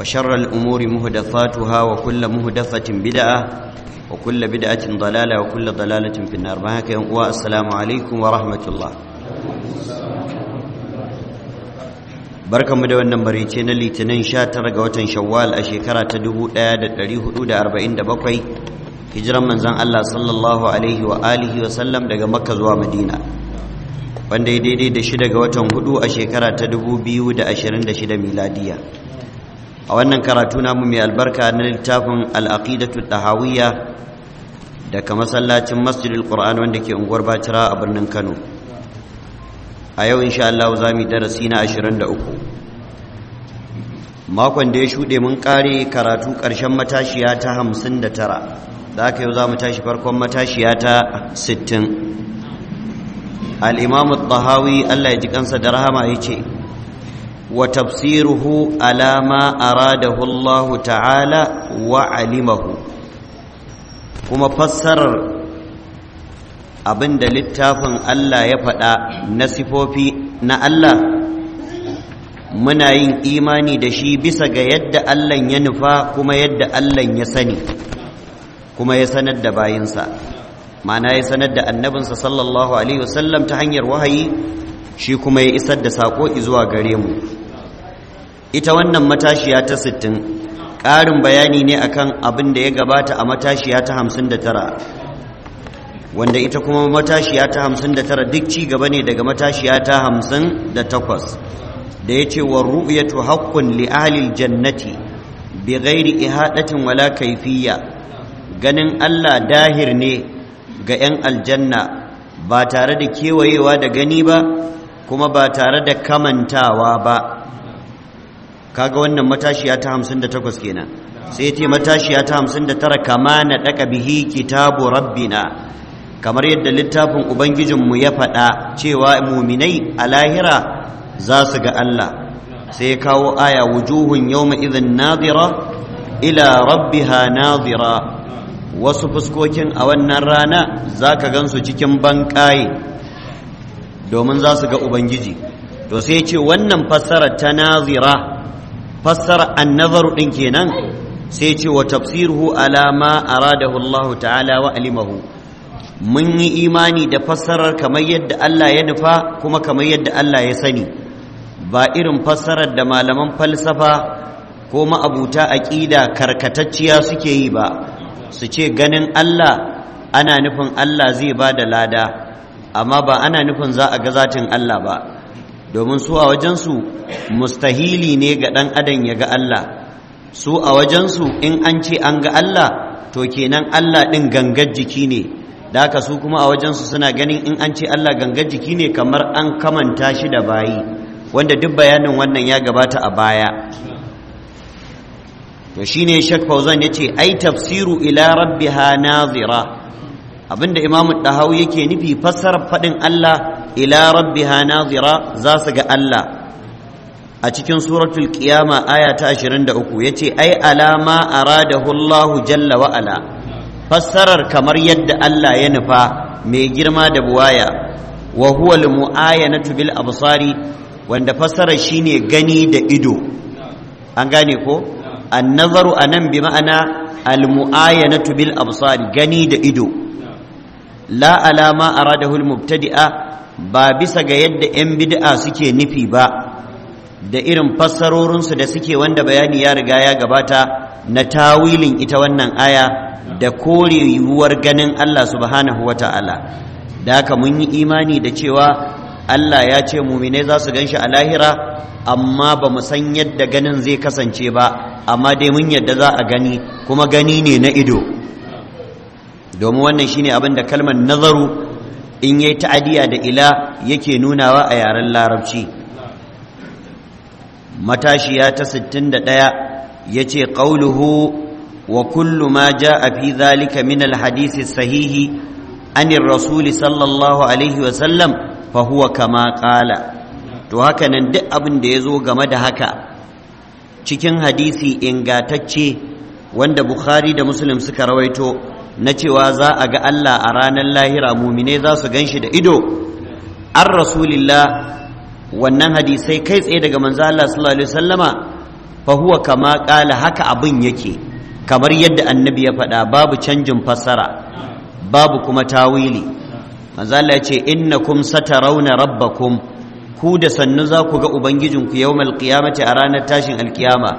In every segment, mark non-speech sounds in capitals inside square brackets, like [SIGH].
وشر الأمور مهدفاتها وكل مهدفة بدعة وكل بدعة ضلالة وكل ضلالة في النار معك عليكم ورحمة الله barkan mu da wannan barice na litinin 19 ga watan shawwal a shekara ta 1447 hijiran manzon Allah sallallahu alaihi wa alihi wa sallam daga makka zuwa madina wanda ya daidai da shida ga watan hudu a shekara ta 2026 miladiya a wannan karatu mu mai albarka na littafin al'aqidatu tahawiyya daga masallacin masjidil qur'an wanda ke unguwar bacira a birnin kano a yau insha Allah za mu darasi na 23 makon da ya shuɗe mun kare karatu ƙarshen matashiya ta 59 da ka yau za mu tashi farkon matashiya ta 60 al-imam tahawi Allah ya ji kansa da rahama yace Wa على ما أراده الله تعالى وعلمه كما فسر abin da littafin Allah ya faɗa na sifofi na Allah muna yin imani da shi bisa ga yadda Allah ya nufa kuma yadda Allah ya sani kuma ya sanar da bayinsa ma'ana ya sanar da annabinsa sallallahu alaihi wasallam ta hanyar wahayi shi kuma ya isar da saƙo zuwa gare mu ita wannan matashiya ta 60 ƙarin bayani ne akan abin da ya gabata a matashiya ta 59 wanda ita kuma matashiya ta 59 duk ci gaba ne daga matashiya ta 58 da ya ce wa ru'yatu haqqun li ahli jannati bi ghairi ihadatin wala kayfiyya ganin Allah dahir ne ga 'yan aljanna ba tare da kewayewa da gani ba kuma ba tare da kamantawa ba kaga wannan matashiya ta 58 kenan sai yace matashiya ta 59 kama na daka bihi kitabu rabbina kamar yadda littafin ubangijin mu ya faɗa cewa muminai a lahira za su ga Allah sai ya kawo aya wujuhun yawma idhin nadira ila rabbiha nadira wasu fuskokin a wannan rana za ka gansu cikin bankaye domin za su ga ubangiji to sai ce wannan fassara ta nazira Fassarar annazaru ɗin kenan sai ce wa tafsiruhu alama ma aradahu Allah ta'ala wa mun yi imani da fassarar kamar yadda Allah ya nufa kuma kamar yadda Allah ya sani ba irin fassarar da malaman falsafa ko ma'abuta aqida karkatacciya suke yi ba su ce ganin Allah ana nufin Allah zai ba da lada amma ba ana nufin za a ga zatin Allah ba domin su a wajensu mustahili ne ga ɗan adam ya ga Allah su a wajensu in an ce an ga Allah to kenan Allah ɗin gangar jiki ne da haka su kuma a wajensu suna ganin in an ce Allah gangar jiki ne kamar an kamanta shi da bayi wanda duk bayanin wannan ya gabata a baya to shine Sheikh Fauzan ce ai tafsiru ila rabbiha nazira abinda imamu dahau yake nufi fassarar faɗin Allah ila rabbi nazira za su ga Allah a cikin suratul qiyama aya ta 23 yace ai alama aradahu Hullahu jalla wa ala fassarar kamar yadda Allah ya nufa mai girma da buwaya wa huwa almu'ayanatu bil absari wanda fassarar shine gani da ido an gane ko an nazaru anan bi ma'ana almu'ayanatu bil absari gani da ido لا alama aradahu almubtadi'a ba bisa ga yadda yan bid'a suke nufi ba da irin fassarorinsu da suke wanda bayani ya riga ya gabata na tawilin ita wannan aya da kore yiwuwar ganin Allah subhanahu ta'ala. da haka mun yi imani da cewa Allah ya ce mumine za su gan shi a lahira amma ba mu san yadda ganin zai kasance ba amma dai mun yadda za a gani kuma gani ne na ido domin wannan shine abin da kalmar nazaru in yayi ta'adiya da ila yake nunawa a yaren larabci matashiya ta 61 yace qauluhu wa kullu ma jaa fi dhalika min alhadith sahihi an ar-rasul sallallahu alaihi wa sallam fa huwa kama qala to haka nan duk abin da yazo game da haka cikin hadisi ingatacce wanda bukhari da muslim suka rawaito na cewa za a ga Allah a ranar lahira mumine za su gan shi da ido an rasulillah wannan hadisai kai tsaye daga manzo Allah sallallahu alaihi wasallama fa huwa kama qala haka abin yake kamar yadda annabi ya faɗa babu canjin fassara babu kuma tawili manzo Allah ya ce innakum satarawna rabbakum ku da sannu za ku ga ubangijinku yawmal qiyamati a ranar tashin alkiyama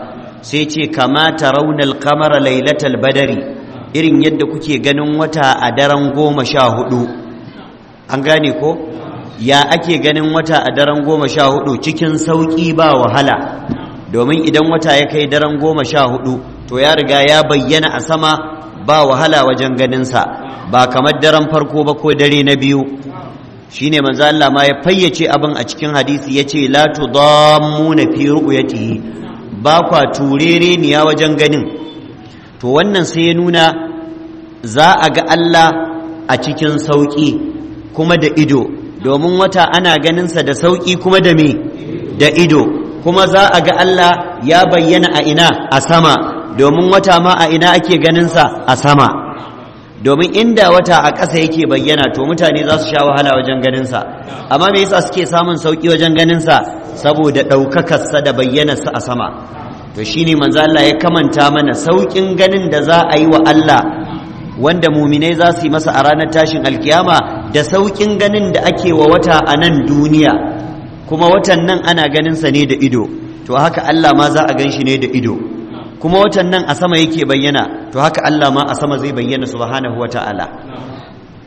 sai ce kama tarawna al-qamara lailatal badari irin yadda kuke ganin wata a daren goma sha hudu an gane ko ya ake ganin wata a daren goma sha hudu cikin sauƙi ba wahala domin idan wata ya kai daren goma sha hudu to ya riga ya bayyana a sama ba wahala wajen ganinsa ba kamar daren farko ba ko dare na biyu shine manzo Allah ma ya fayyace abin a cikin hadisi ya yace la na fi ru'yatihi ba kwa turereniya wajen ganin to wannan sai ya nuna za a ga Allah a cikin sauƙi kuma da ido domin wata ana ganinsa da sauƙi kuma da me da ido kuma za a ga Allah ya bayyana a ina a sama domin wata ma a ina ake ganinsa a sama domin inda wata a ƙasa yake bayyana to mutane za su sha wahala wajen ganinsa amma me yasa suke samun sauƙi wajen ganinsa saboda ɗaukakarsa da bayyanarsa a sama to shi ne Allah ya kamanta mana saukin ganin da za a yi wa Allah wanda muminai za su yi masa a ranar tashin alkiyama da sauƙin ganin da ake wa wata a nan duniya kuma watan nan ana ganinsa ne da ido to haka Allah ma za a gan shi ne da ido kuma watan nan a sama yake bayyana to haka Allah ma a sama zai bayyana subhanahu ta'ala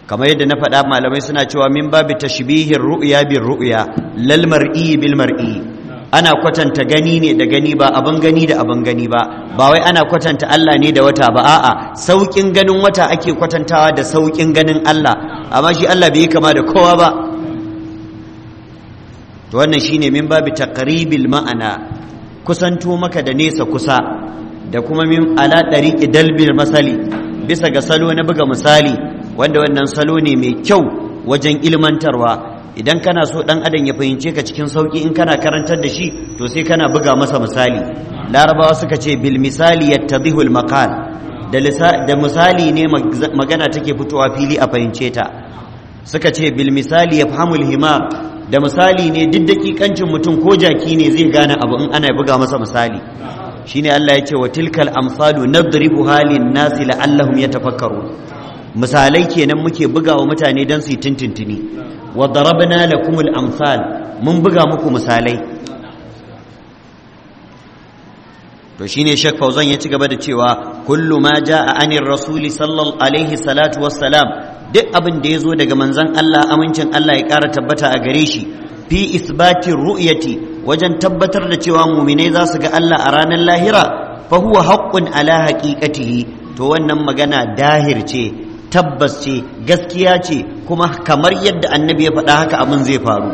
kamar yadda na faɗa malamai suna cewa min babu tashbihin ru'ya bil ru'ya lal mar'i bil mar'i ana kwatanta gani ne da gani ba abin gani da abin gani ba ba wai ana kwatanta Allah ne da wata ba a'a saukin ganin wata ake kwatantawa da saukin ganin Allah amma shi Allah bai kama da kowa ba to wannan shine min babu taqribil ma'ana kusanto maka da nesa kusa da kuma min ala dariqi dalbil masali bisa ga salo na buga misali wanda wannan salo ne mai kyau wajen ilmantarwa idan kana so dan adam ya fahimce ka cikin sauki in kana karantar da shi to sai kana buga masa misali larabawa suka ce bil misali yattadhihu al maqal da misali ne magana take fitowa fili a fahimce ta suka ce bil misali yafhamu al himar da misali ne duk dakikancin mutum ko jaki ne zai gane abu in ana buga masa misali shine Allah ya ce wa tilkal amsalu nadribuha lin nasi la'allahum yatafakkaru misalai kenan muke buga wa mutane don su yi tintintini wa darabna kumul amsal mun buga muku misalai to shine Sheikh Fauzan ya ci gaba da cewa kullu ma jaa anir rasuli sallallahu alaihi salatu wassalam duk abin da yazo daga manzon Allah amincin Allah ya kara tabbata a gare shi fi isbati ru'yati wajen tabbatar da cewa muminai za su ga Allah a ranar lahira fa huwa haqqun ala haqiqatihi to wannan magana dahir ce tabbas ce gaskiya ce kuma kamar yadda annabi ya faɗa haka abin zai faru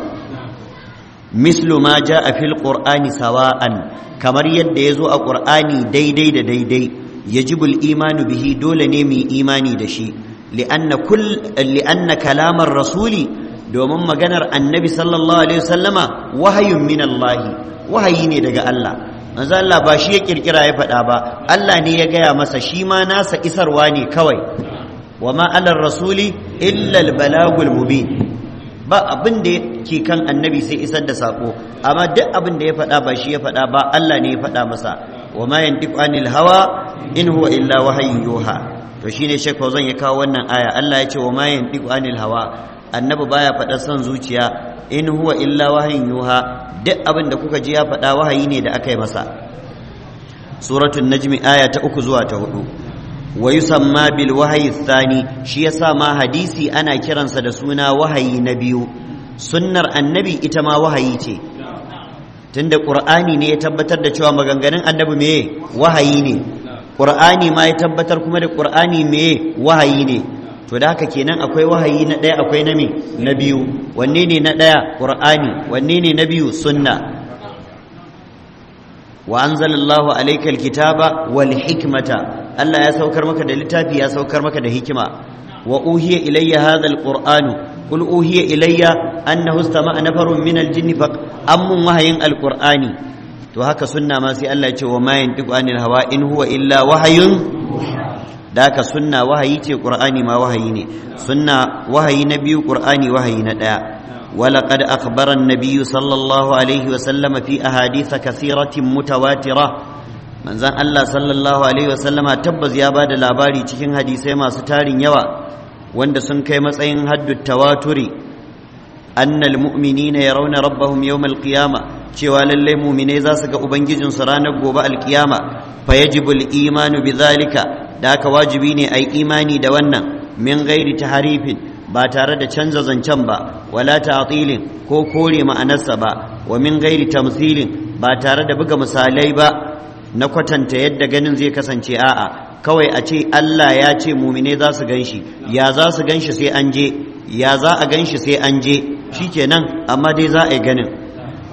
mislu ma ja a fil qur'ani sawa'an kamar yadda ya zo a qur'ani daidai da daidai yajibul imanu bihi dole ne mu imani da shi li'anna kull li'anna kalamar rasuli domin maganar annabi sallallahu alaihi wasallama wahayun min Allah wahayi ne daga Allah manzo Allah ba shi ya kirkira ya faɗa ba Allah ne ya gaya masa shi ma nasa isarwa ne kawai wa ma rasuli illa balagul mubin ba abin da ke kan annabi sai isar da sako amma duk abin da ya faɗa ba shi ya faɗa ba Allah ne ya faɗa masa wa ma yantiqu anil hawa in huwa illa wahyun yuha to shine Sheikh zan ya kawo wannan aya Allah ya ce wa ma yantiqu anil hawa annabi baya faɗa son zuciya in huwa illa wahyun yuha duk abin da kuka ji ya faɗa wahayi ne da aka yi masa suratul najmi aya ta uku zuwa ta hudu wa yusamma bil wahayi tsani shi yasa ma hadisi ana kiransa da suna wahayi na biyu sunnar annabi ita ma wahayi ce tunda ƙur'ani ne ya tabbatar da cewa maganganun annabi me wahayi ne Ƙur'ani ma ya tabbatar kuma da ƙur'ani me wahayi ne to da haka kenan akwai wahayi na ɗaya akwai na me na biyu wanne ne na ɗaya qur'ani wanne ne na biyu sunna wa anzalallahu alayka alkitaba wal hikmata Allah ya saukar maka da littafi ya saukar maka da hikima wa uhiya ilayya hadha alqur'anu qul uhiya ilayya annahu istama'a nafarun min aljinn fa ammun wahayin alqur'ani to haka sunna ma sai Allah ya ce wa ma yantiqu anil hawa in huwa illa wahayun da haka sunna wahayi ce qur'ani ma wahayi ne sunna wahayi na biyu qur'ani wahayi na ɗaya ولقد أخبر النبي صلى الله عليه وسلم في أحاديث كثيرة متواترة من زان الله صلى الله عليه وسلم تبز يا باد الأباري تكين حديثي ما ستارين يوا وند سنكي مسعين حد التواتر أن المؤمنين يرون ربهم يوم القيامة cewa lallai muminai za su ga ubangijinsu ranar gobe alkiyama fa yajibul imanu bidhalika da haka wajibi ne ai imani da wannan min ghairi taharifin ba tare da canza zancen ba wala ta'tilin ko kore ma'anarsa ba wa min ghairi tamthilin ba tare da buga misalai ba na kwatanta yadda ganin zai kasance a'a kawai a ce Allah ya ce mumine za su ganshi ya za su ganshi sai an je ya za a ganshi sai an je shikenan amma dai za a yi ganin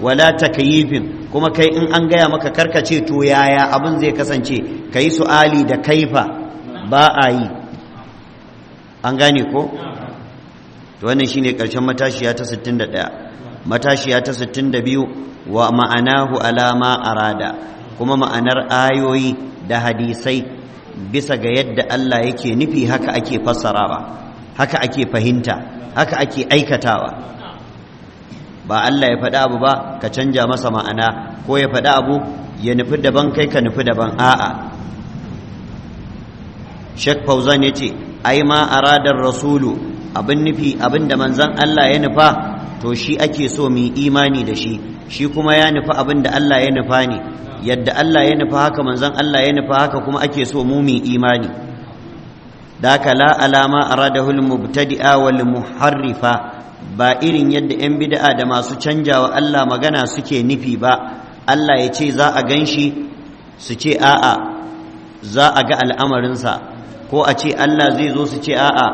wala takyifin kuma kai in an gaya maka karkace to yaya abin zai kasance kai su'ali da kaifa ba a yi an gane ko to wannan shine karshen matashiya ta 61 matashiya ta 62 wa ma'anahu alama arada kuma ma'anar ayoyi da hadisai bisa ga yadda Allah yake nufi haka ake fassarawa haka ake fahimta haka ake aikatawa ba Allah ya faɗa abu ba ka canja masa ma'ana ko ya faɗa abu ya nufi daban kai ka nufi daban a'a Sheikh Fauzan ce ai ma aradar rasulu abin nufi abin da manzan Allah ya nufa to shi ake so mu imani da shi shi kuma ya nufa abin da Allah ya nufa ne yadda Allah ya nufa haka manzon Allah ya nufa haka kuma ake so mu mu imani ka la alama aradahul mubtadi'a wal muharrifa ba irin yadda 'yan bid'a da masu canjawa Allah magana suke nufi ba Allah ya ce za a gan shi su ce a'a za a ga al'amarinsa ko a ce Allah zai zo su ce a'a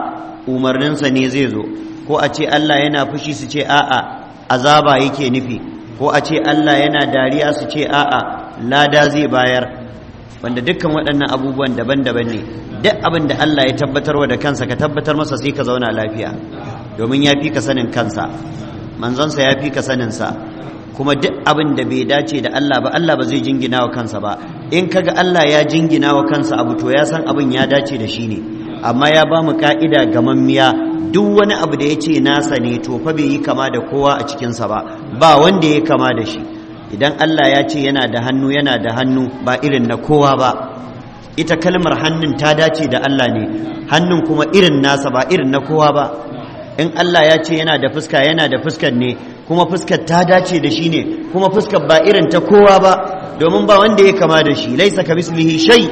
umarninsa ne zai zo ko a ce Allah yana fushi su ce a'a azaba yake nufi ko a ce Allah yana dariya su ce a'a lada zai bayar wanda dukkan waɗannan abubuwan daban-daban ne duk abin da Allah ya tabbatarwa da kansa ka tabbatar masa sai ka zauna lafiya domin ya fi ka sanin kansa manzansa ya fi ka saninsa kuma duk abin da bai dace da Allah ba Allah ba zai jingina wa kansa ba in kaga Allah ya jingina wa kansa abu to ya san abin ya dace da shi ne amma ya ba mu ka'ida mammiya duk wani abu da ya ce nasa ne to fa bai yi kama da kowa a cikinsa ba ba wanda ya kama da shi idan Allah ya ce yana da hannu yana da hannu ba irin na kowa ba ita kalmar hannun ta dace da Allah ne hannun kuma irin nasa ba irin na kowa ba in Allah ya ce yana da fuska yana da fuskar ne kuma fuskar ta dace da shi ne kuma fuskar ba irin ta kowa ba domin ba wanda ya kama da shi laisa ka mislihi shay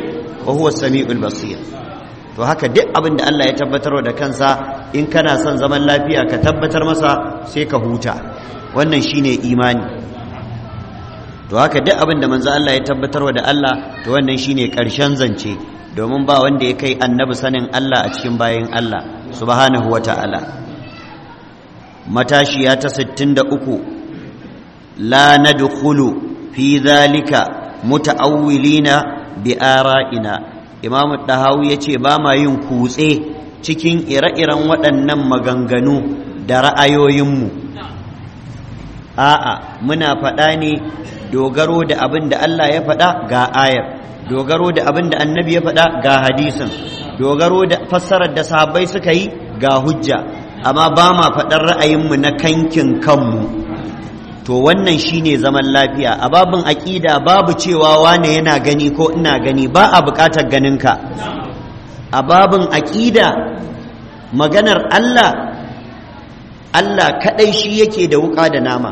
wa huwa samiul basir to haka duk abin da Allah ya tabbatarwa da kansa in kana son zaman lafiya ka tabbatar masa sai ka huta wannan shine imani to haka duk abin da manzo Allah ya tabbatarwa da Allah to wannan shine karshen zance domin ba wanda ya kai annabi sanin Allah a cikin bayin Allah subhanahu wata'ala matashiya ta 63 la nadkhulu fi dhalika muta'awwilina bi ara'ina imam dahawi ya ce ba ma yin kutse cikin ire-iren waɗannan maganganu da ra'ayoyinmu a'a muna faɗa ne dogaro da abin da Allah ya faɗa ga ayar dogaro da abin da annabi ya faɗa ga hadisin dogaro da fassarar da sahabbai suka yi ga hujja amma ba ma faɗar ra'ayinmu na kankin kanmu to wannan shine zaman lafiya a babin aƙida babu cewa wane yana gani ko ina gani ba a buƙatar ganinka a babin aƙida maganar Allah Allah kaɗai shi yake da wuƙa da nama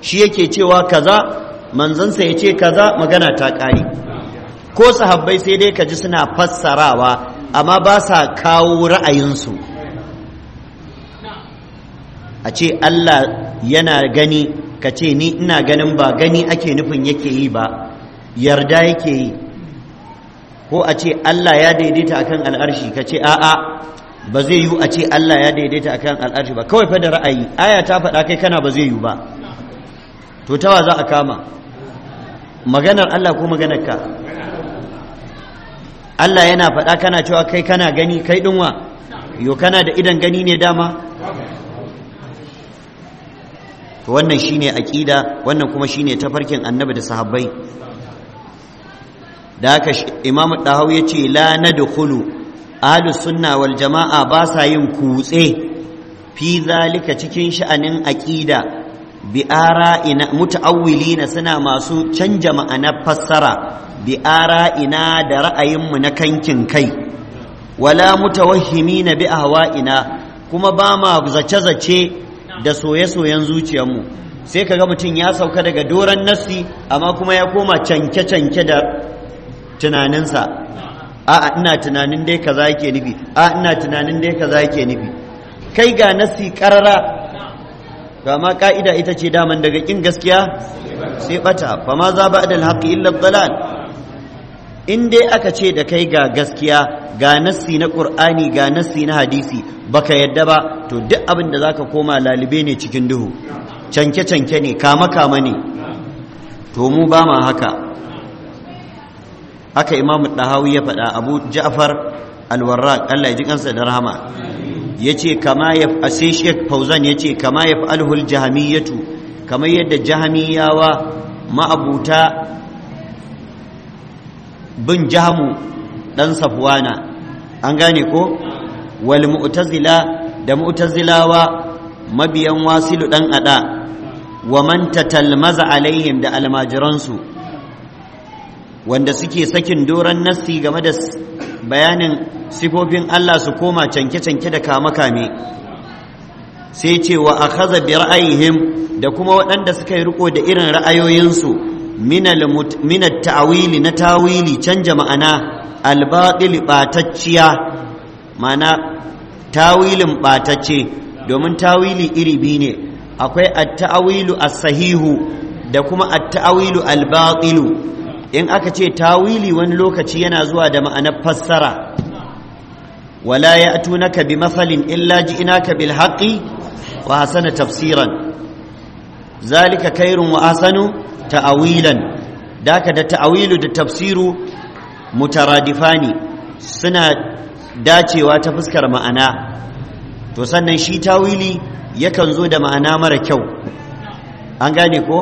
shi yake cewa kaza manzansa ya ce kaza magana ta ƙare ko sahabbai sai dai ka ji suna fassarawa amma ba sa kawo ra'ayinsu a ce Allah yana gani ka ce ni ina ganin ba gani ake nufin yake yi ba yarda yake yi ko a ce Allah ya daidaita akan al'arshi ka ce a'a ba zai yi a ce Allah ya daidaita akan al'arshi ba kawai fa da ra'ayi aya ta faɗa kai kana ba zai yi ba to tawa za a kama maganar Allah ko maganar ka Allah yana faɗa kana cewa kai kana gani kai dinwa yo kana da idan gani ne dama to wannan shine aqida wannan kuma shine tafarkin annabi da sahabbai da haka imam dahau yace la nadkhulu ahlus sunna wal jamaa ba sa yin kutse fi zalika cikin sha'anin aqida bi ara'ina muta'awwilina suna masu canja ma'ana fassara bi ara'ina da ra'ayinmu na kankin kai wala mutawahhimina bi ahwa'ina kuma ba ma zace-zace da soye-soyen zuciyarmu sai ka ga mutum ya sauka daga doron nassi amma kuma ya koma canke-canke da tunaninsa a ina tunanin dai kaza yake nufi a ina tunanin dai kaza yake nufi kai ga nassi karara to amma ka'ida ita ce daman daga kin gaskiya sai bata fa ma za ba'dal haqqi illa dhalal in dai aka ce da kai ga gaskiya ga nassi na qur'ani ga nassi na hadisi baka yadda ba to duk abin da za ka koma lalibe ne cikin duhu canke canke ne kama kama ne to mu ba ma haka haka imam dahawi ya faɗa abu ja'far al Allah ya ji kansa da rahama Ya ce kama ya ashe shek fauzan ya ce kama ya alhul jahamiyyatu Kama yadda jahamiyawa ma'abuta bin jahamu dan safwana an gane ko wal mu'tazila da mu'tazilawa mabiyan wasilu dan ada wa man tatalmaza alaihim da almajiransu wanda suke sakin doran nassi game da bayanin sifofin Allah su koma canke-canke da kame-kame sai ce wa akhadha bi ra'ayihim da kuma waɗanda suka yi riko da irin ra'ayoyinsu min ta'wili na tawili canja ma'ana albatil ɓatacciya ma'ana tawilin ɓatacce domin tawili iri biyu ne akwai at-ta'wilu as-sahihu da kuma at-ta'wilu al in aka ce tawili wani lokaci yana zuwa da ma'anar fassara wala yatunaka bi mafalin illa ji'inaka bil haqqi wa hasana tafsiran zalika khairun wa ahsanu ta'awilan daka da ta'awilu da tafsiru mutaradifani suna dacewa ta fuskar ma'ana to sannan shi tawili yakan zo da ma'ana mara kyau an gane ko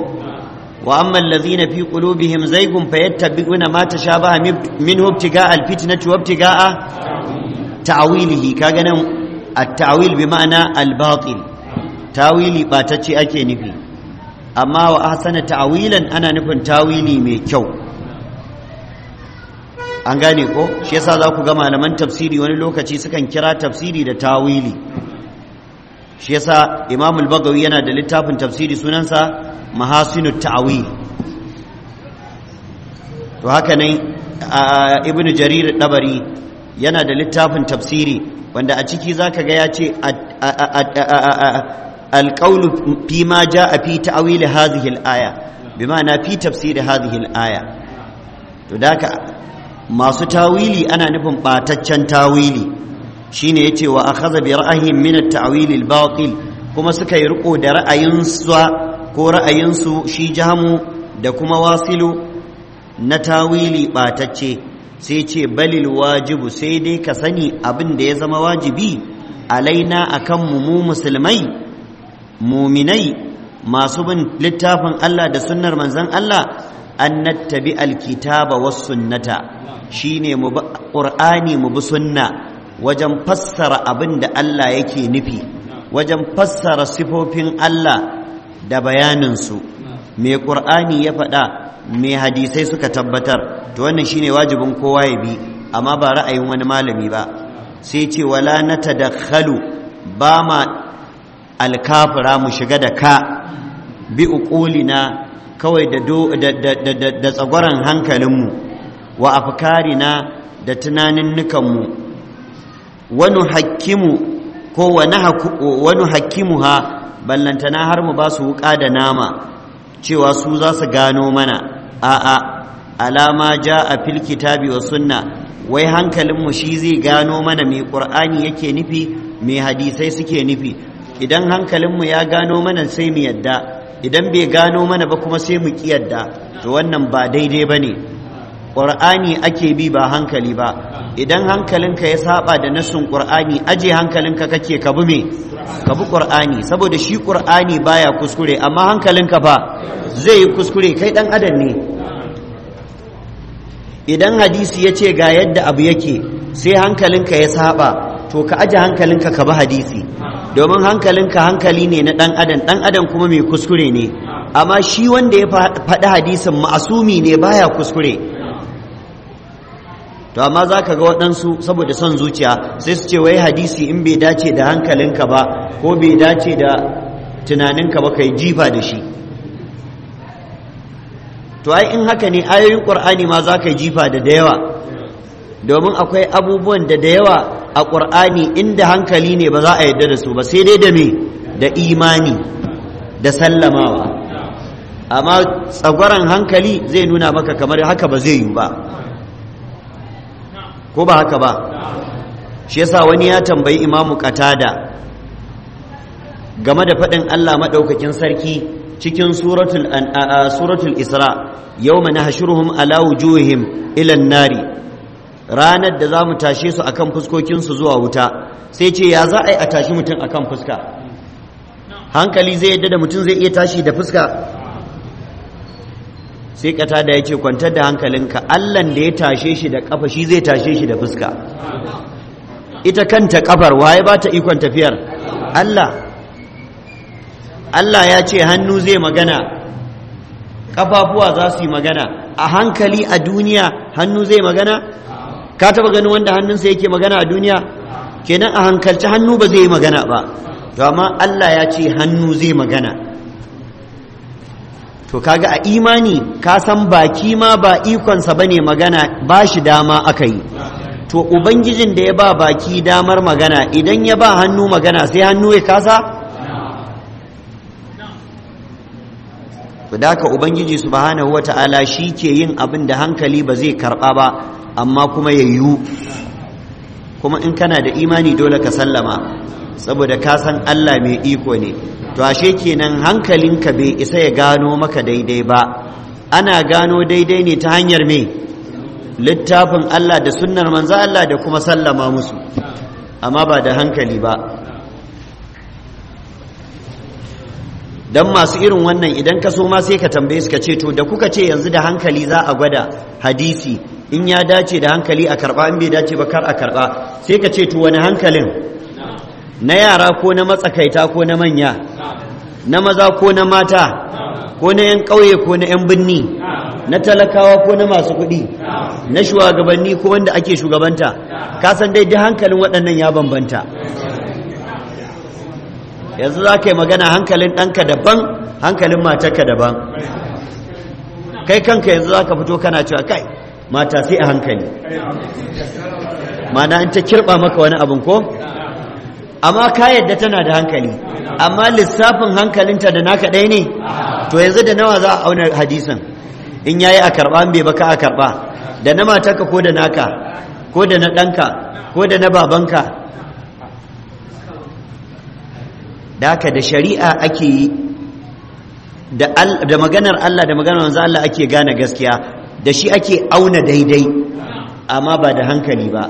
wa amma allazina fi qulubihim zaygun fayattabi'una ma tashabaha minhu ibtiga'a alfitnati wa ibtiga'a ta'wilihi kaga nan at-ta'wil bi ma'ana al-batil tawili batacce ake nufi amma wa ahsana ta'wilan ana nufin tawili mai kyau an gane ko shi yasa za ku ga malaman tafsiri wani lokaci sukan kira tafsiri da tawili shi yasa imamu al-bagawi yana da littafin tafsiri sunansa mahasinu ta'wil to haka ne ibnu jarir dabari yana da littafin tafsiri wanda a ciki zaka ga ya ce alƙaunu fi ma ja a fi ta'awili hadhihi al-aya bi ma'ana fi tafsiri hadhihi al-aya masu tawili ana nufin bataccen tawili shine yace wa akhadha bi ra'ayin min at-ta'wil al-batil kuma suka yi riko da ra'ayinsu ko ra'ayinsu shi jamu da kuma wasilu na tawili batacce sai ce balil wajibu sai dai ka sani abin da ya zama wajibi alaina akan mu mu musulmai muminai masu bin littafin Allah da sunnar manzon Allah an nattabi alkitaba was sunnata shine mu bi qur'ani mu bi sunna wajen fassara abin da Allah yake nufi wajen fassara sifofin Allah da bayaninsu Mai ƙur'ani ya faɗa mai hadisai suka tabbatar to wannan shine wajibin kowa ya bi amma ba ra'ayin wani malami ba sai ce wala natadakhalu ba ma alkafira mu shiga da ka bi uqulina kawai da da tsagwaron hankalinmu wa afkarina da tunaninnukanmu wani hakimu ko wani hakimu ha ballantana har mu ba su wuka da nama cewa su za su gano mana a'a alama ja a fil wa sunna wai hankalinmu shi zai gano mana mai ƙur'ani yake nufi mai hadisai suke nufi idan hankalinmu ya gano mana sai mu yadda idan bai gano mana ba kuma sai mu ki yadda to wannan ba daidai ba ne ƙur'ani ake bi ba hankali ba idan hankalinka ya saba da nasin ƙur'ani aje hankalinka kake ka bi me ka ƙur'ani saboda shi ƙur'ani baya kuskure amma hankalinka ba zai yi kuskure kai ɗan adam ne idan hadisi ya ce ga yadda abu yake sai hankalinka ya saba to ka aje hankalinka ka bi hadisi domin hankalinka hankali ne na ɗan adam ɗan adam kuma mai kuskure ne amma shi wanda ya faɗi hadisin ma'asumi ne baya kuskure to amma za ka ga waɗansu saboda son zuciya sai su ce wai hadisi in bai dace da hankalinka ba ko bai dace da tunaninka ba kai jifa da shi to ai in haka ne ayoyin ƙur'ani ma za ka jifa da da yawa domin akwai abubuwan da da yawa a ƙur'ani inda hankali ne ba za a yarda da su ba sai dai da me da imani da sallamawa amma tsagwaran hankali zai nuna maka kamar haka ba zai yi ba ko ba haka ba shi yasa wani ya tambayi imamu katada game da faɗin Allah maɗaukakin sarki cikin suratul isra yau mana hashiruhum ala wujuhim ilan nari ranar da za mu tashe su akan fuskokinsu zuwa wuta sai ce ya za a yi a tashi mutum akan fuska hankali zai yadda da mutum zai iya tashi da fuska sai kata da ya ce kwantar da hankalinka allan da ya tashe shi da kafa shi zai tashe shi da fuska ita kanta kafar waye ba ta ikon tafiyar allah allah ya ce hannu zai magana kafafuwa za su yi magana a hankali a duniya hannu zai magana ka taba ganin wanda hannunsa yake magana a duniya kenan a hankalci hannu ba zai yi magana ba to amma Allah ya ce hannu zai magana to kaga a imani ka san baki ma ba ikonsa bane magana ba shi dama aka yi to ubangijin da ya ba baki damar magana idan ya ba hannu magana sai hannu ya kasa to da ubangiji subhanahu wata'ala shi ke yin abin da hankali ba zai karba ba amma kuma ya yiwu kuma in kana da imani dole ka sallama saboda ka san Allah mai iko ne to ashe kenan hankalinka bai isa ya gano maka daidai ba ana gano daidai ne ta hanyar mai littafin Allah da sunnar manzo Allah da kuma sallama musu amma ba da hankali ba Don masu irin wannan idan ka so ma sai ka tambaye su ka ce to da kuka ce yanzu da hankali za a gwada hadisi in ya dace da hankali a karba in bai dace ba kar a karba sai ka ce to wani hankalin na yara ko na matsakaita ko na manya na maza ko na mata ko na 'yan ƙauye ko na 'yan binni na talakawa ko na masu kuɗi na shugabanni ko wanda ake shugabanta ka san dai duk hankalin waɗannan ya bambanta yanzu za ka yi magana hankalin ɗanka daban hankalin matarka daban kai kanka yanzu za ka fito kana cewa kai mata sai a hankali mana in ta kirba maka wani abin ko amma ka yadda tana da hankali amma lissafin hankalinta da naka ɗaya ne to yanzu da nawa za a auna hadisin in yayi a an bai baka a karɓa da na ka, ko da naka ko da na ɗanka ko da na babanka da haka da shari'a ake yi da maganar Allah da maganar wanzu Allah ake gane gaskiya da shi ake auna daidai amma ba da hankali ba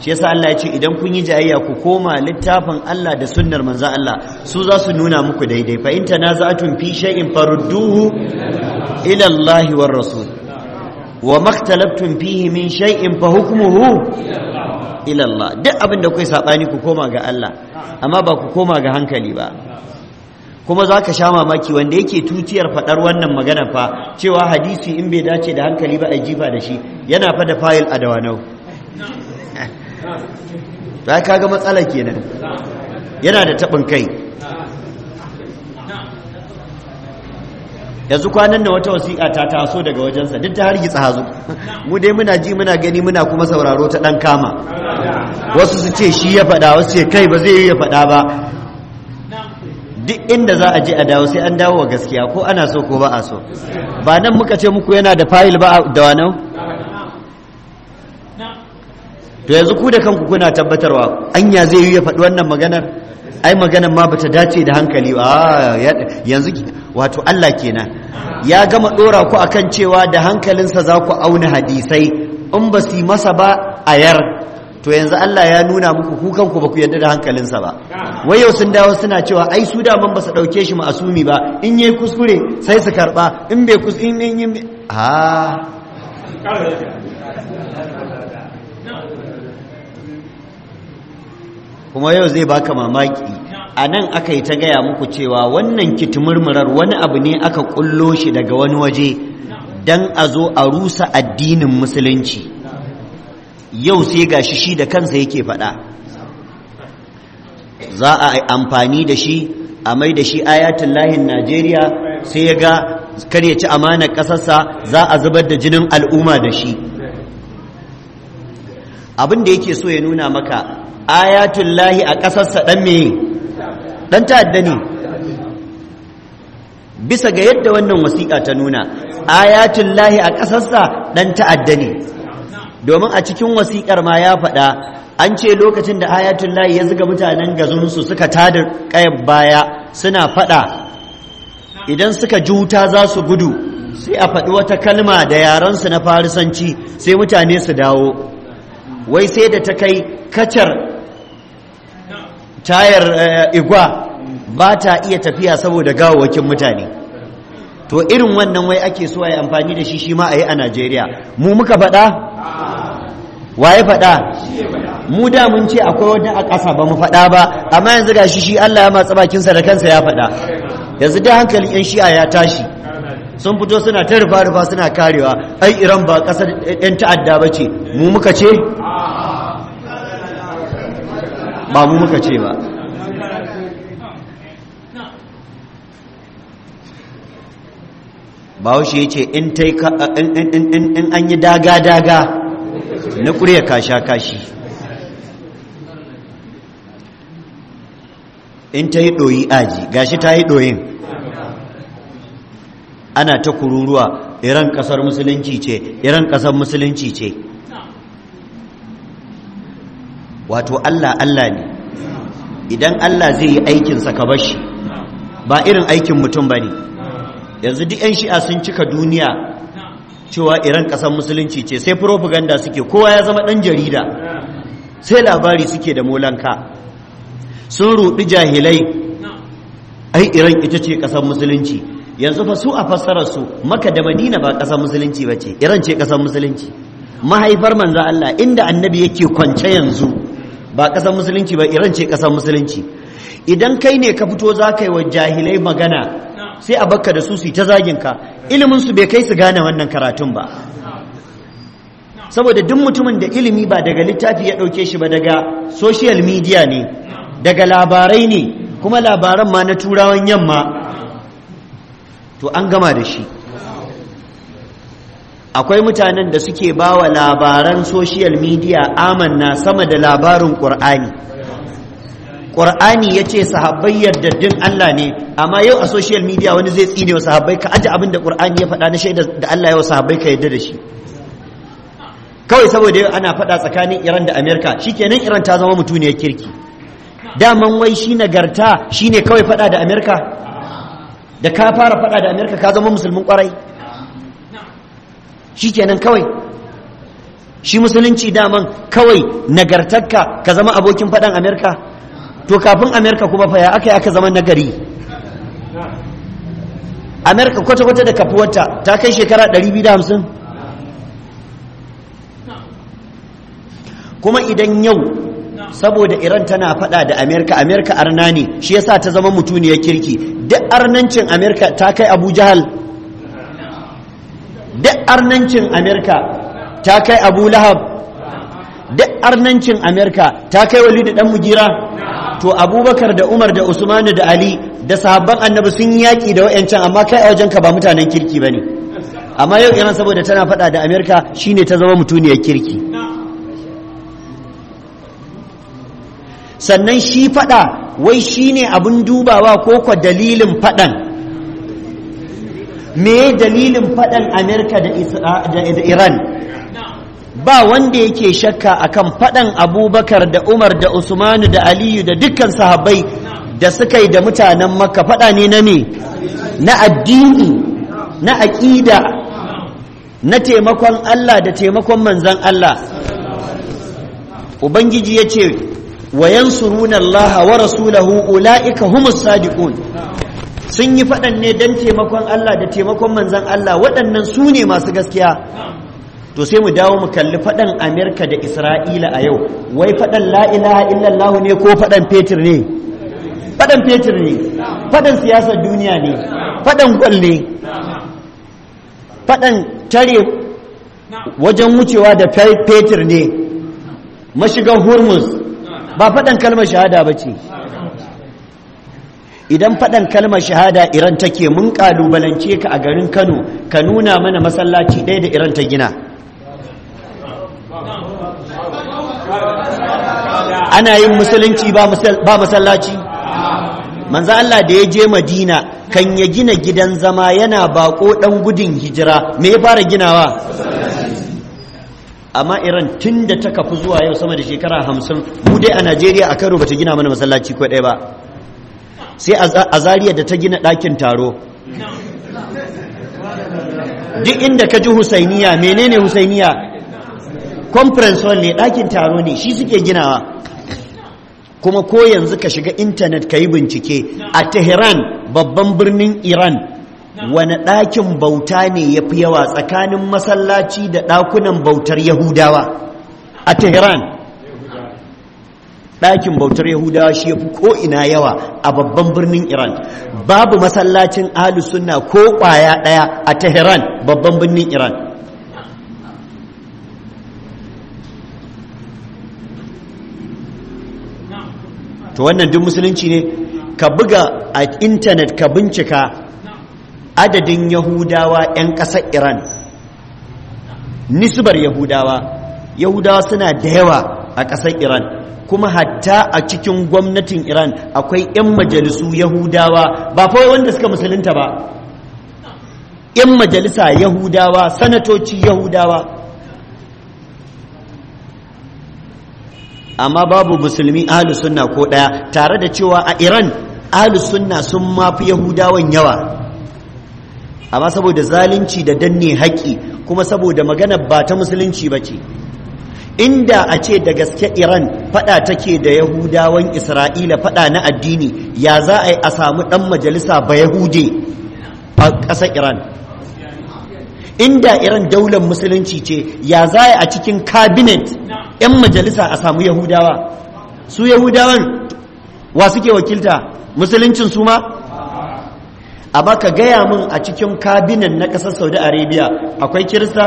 shi yasa Allah ya ce idan kun yi jayayya ku koma littafin Allah da sunnar manzo Allah su za su nuna muku daidai fa in tanaza'atun fi shay'in farudduhu ila Allah war rasul wa makhtalaftum fihi min shay'in fa hukmuhu ila Allah duk abin da kai sabani ku koma ga Allah amma ba ku koma ga hankali ba kuma za ka sha mamaki wanda yake tutiyar faɗar wannan magana fa cewa hadisi in bai dace da hankali ba a jifa da shi yana fa da fayil a dawanau [LAUGHS] za ka ga matsala kenan yana da taɓin kai yanzu kwanan da wata wasiƙa ta taso daga wajensa duk ta hargitsa hazo [LAUGHS] mu dai muna ji muna gani muna kuma sauraro ta ɗan kama wasu su ce shi ya faɗa wasu ce kai ba zai yi ya faɗa ba duk inda za a je a dawo sai an dawo wa gaskiya ko ana so ko ba a so ba nan muka ce muku yana da fayil ba da wanau to yanzu ku da kanku kuna tabbatarwa anya zai yi ya faɗi wannan maganar ai maganar ma bata dace da hankali ba ah, yanzu wato Allah kenan ya gama dora ku akan cewa da hankalinsa za ku auna hadisai in ba su masa ba a yar to yanzu Allah ya nuna muku ku baku ba yarda da hankalinsa ba wai yau sun dawo suna cewa ai su da man ba su dauke shi ma'asumi ba in yayi kuskure sai su karba in bai kus in in ha kuma yau zai baka mamaki a nan aka yi ta gaya muku cewa wannan kitimurmurar wani abu ne aka kullo shi daga wani waje don a zo a rusa addinin musulunci yau sai ga shi shi da kansa yake faɗa za a amfani da shi a mai da shi ayatun lahin Najeriya sai ya ga kar ya ci amanar ƙasarsa za a zubar da jinin al'umma da shi abin da yake so ya nuna maka ayatun lahi a ƙasarsa ɗan me ɗan ta'adda ne bisa ga yadda wannan wasiƙa ta nuna ayatun lahi a ƙasarsa ɗan ta'adda ne domin a cikin wasikar ma ya faɗa an ce lokacin da ayatul lahi ya zuga mutanen gazunsu suka tada ƙayan baya suna faɗa idan suka juta za su gudu sai a faɗi wata kalma da yarensu na farisanci sai mutane su dawo wai sai da ta kai kacar tayar eh, igwa ba ta iya tafiya saboda gawawakin mutane to irin wannan wai ake so a yi amfani da shi shi ma a yi a najeriya mu muka faɗa waye faɗa mu da mun ce akwai wani a ƙasa ba mu faɗa ba amma yanzu gashi shi Allah ya matsa bakinsa da kansa ya faɗa yanzu da hankalin yan shi'a ya tashi sun fito suna ta rufa rufa suna karewa ai Iran ba ƙasar yan ta'adda ba ce mu muka ce ba mu muka ce ba bahaushe ya ce in an yi daga-daga na ƙurya kasha kashi in ta yi ɗoyi aji gashi ta yi ɗoyin ana ta kururuwa iran ƙasar musulunci ce iran ƙasar musulunci ce wato allah allah ne idan allah zai yi aikinsa ka bashi ba irin aikin mutum ba ne yanzu duk 'yan shi'a sun cika duniya cewa iran kasan musulunci ce sai propaganda suke kowa ya zama ɗan jarida sai labari suke da molanka sun rudi jahilai ai iran ita ce kasan musulunci yanzu fa su a fassarar su maka da madina ba kasan musulunci ba ce iran ce kasan musulunci mahaifar manzo Allah inda annabi yake kwance yanzu ba kasan musulunci ba iran ce kasan musulunci idan kai ne ka fito za ka yi wa jahilai magana sai a bakka da su su ta zagin ka ilimin su bai kai su gane wannan karatun ba saboda duk mutumin da ilimi ba daga littafi ya ɗauke shi ba daga social media ne daga labarai ne kuma labaran ma na turawan yamma to an gama da shi akwai mutanen da suke bawa labaran social media amanna sama da labarin ƙur'ani qur'ani ce sahabbai yardaddin Allah ne amma yau a social media wani zai tsine wa sahabbai ka aji abin da qur'ani ya faɗa na shaida da Allah ya wa sahabbai ka yarda da shi kawai saboda yau ana faɗa tsakanin Iran da amerika, shikenan Iran ta zama mutuniyar kirki daman wai shi nagarta ne kawai faɗa da amerika? da ka fara faɗa da amerika ka zama musulmin kwarai shikenan kawai shi musulunci daman kawai nagartarka ka zama abokin faɗan amerika to kafin amerika kuma fa ya aka yi aka zama nagari amerika kwata-kwata da kafuwarta ta kai shekara 250 kuma idan yau saboda iran tana fada da amerika amerika arna ne shi yasa ta zama mutuniyar kirki duk arnancin amerika ta kai abu jihal duk arnancin amerika ta kai abu lahab duk arnancin amerika ta kai da dan gira. to abubakar da umar da usman da ali da sahabban annabi sun yaƙi da wa'yancan amma kai a wajenka ba mutanen kirki ba ne amma yau iran saboda tana faɗa da amerika shine ta zama mutuniyar kirki sannan shi faɗa wai shine abin dubawa ko kwa dalilin faɗan me dalilin faɗan amerika da iran ba wanda yake shakka akan faɗan abubakar da umar da usmanu da aliyu da dukkan sahabbai da suka yi da mutanen makka faɗa ne na me na addini na aƙida na taimakon allah da taimakon manzan allah ubangiji ya ce wa yansuruna allaha wa rasulahu ula'ika humus sadiqun sun yi faɗan ne don taimakon allah da taimakon manzan allah waɗannan su ne masu gaskiya to sai mu dawo mu kalli faɗan amerika da isra'ila a yau wai faɗan la'ilaha illallahu ne ko faɗan fetur ne faɗan fetur ne faɗan siyasar duniya ne faɗan gwal ne faɗan tare wajen wucewa da fetur ne mashigan hormuz ba faɗan kalmar shahada ba ce idan faɗan kalmar shahada iran take mun kalubalance ka a garin kano ka nuna mana masallaci ɗaya da iran ta gina ana yin musulunci ba masallaci Manza Allah da ya je Madina kan ya gina gidan zama yana bako dan gudun hijira me ya fara ginawa amma Iran tun da ta kafu zuwa yau sama da shekara hamsin mu dai a Najeriya a Kano bata gina mana masallaci ko ɗaya ba sai a Zariya da ta gina ɗakin taro duk inda ka ji Husainiya menene Husainiya conference hall ne ɗakin taro ne shi suke ginawa kuma ko yanzu ka shiga intanet ka yi bincike a tehran babban birnin iran wani ɗakin bauta ne ya fi yawa tsakanin masallaci da ɗakunan bautar yahudawa a tehran ɗakin bautar yahudawa shi ya fi ko'ina yawa a babban birnin iran babu masallacin ahlus sunna ko ƙwaya ɗaya a tehran babban birnin iran to wannan duk musulunci ne ka buga a intanet ka bincika adadin yahudawa 'yan ƙasar iran nisbar yahudawa yahudawa suna da yawa a ƙasar iran kuma hatta a cikin gwamnatin iran akwai 'yan majalisu yahudawa ba fa wanda suka musulunta ba 'yan majalisa yahudawa sanatoci yahudawa amma babu musulmi ahlus sunna ko daya tare da cewa a iran ahlus sunna sun mafi yahudawan yawa amma saboda zalunci da danne haƙƙi kuma saboda magana ba ta musulunci ba ce inda a ce da gaske iran fada take da yahudawan isra'ila fada na addini ya za a yi a samu ɗan majalisa ba yahude a ƙasar iran inda irin daular musulunci ce ya zaya a cikin cabinet 'yan majalisa a samu yahudawa su yahudawan wa suke wakilta musuluncin su ma a ka gaya min a cikin Kabinet na ƙasar saudi arabia akwai kirista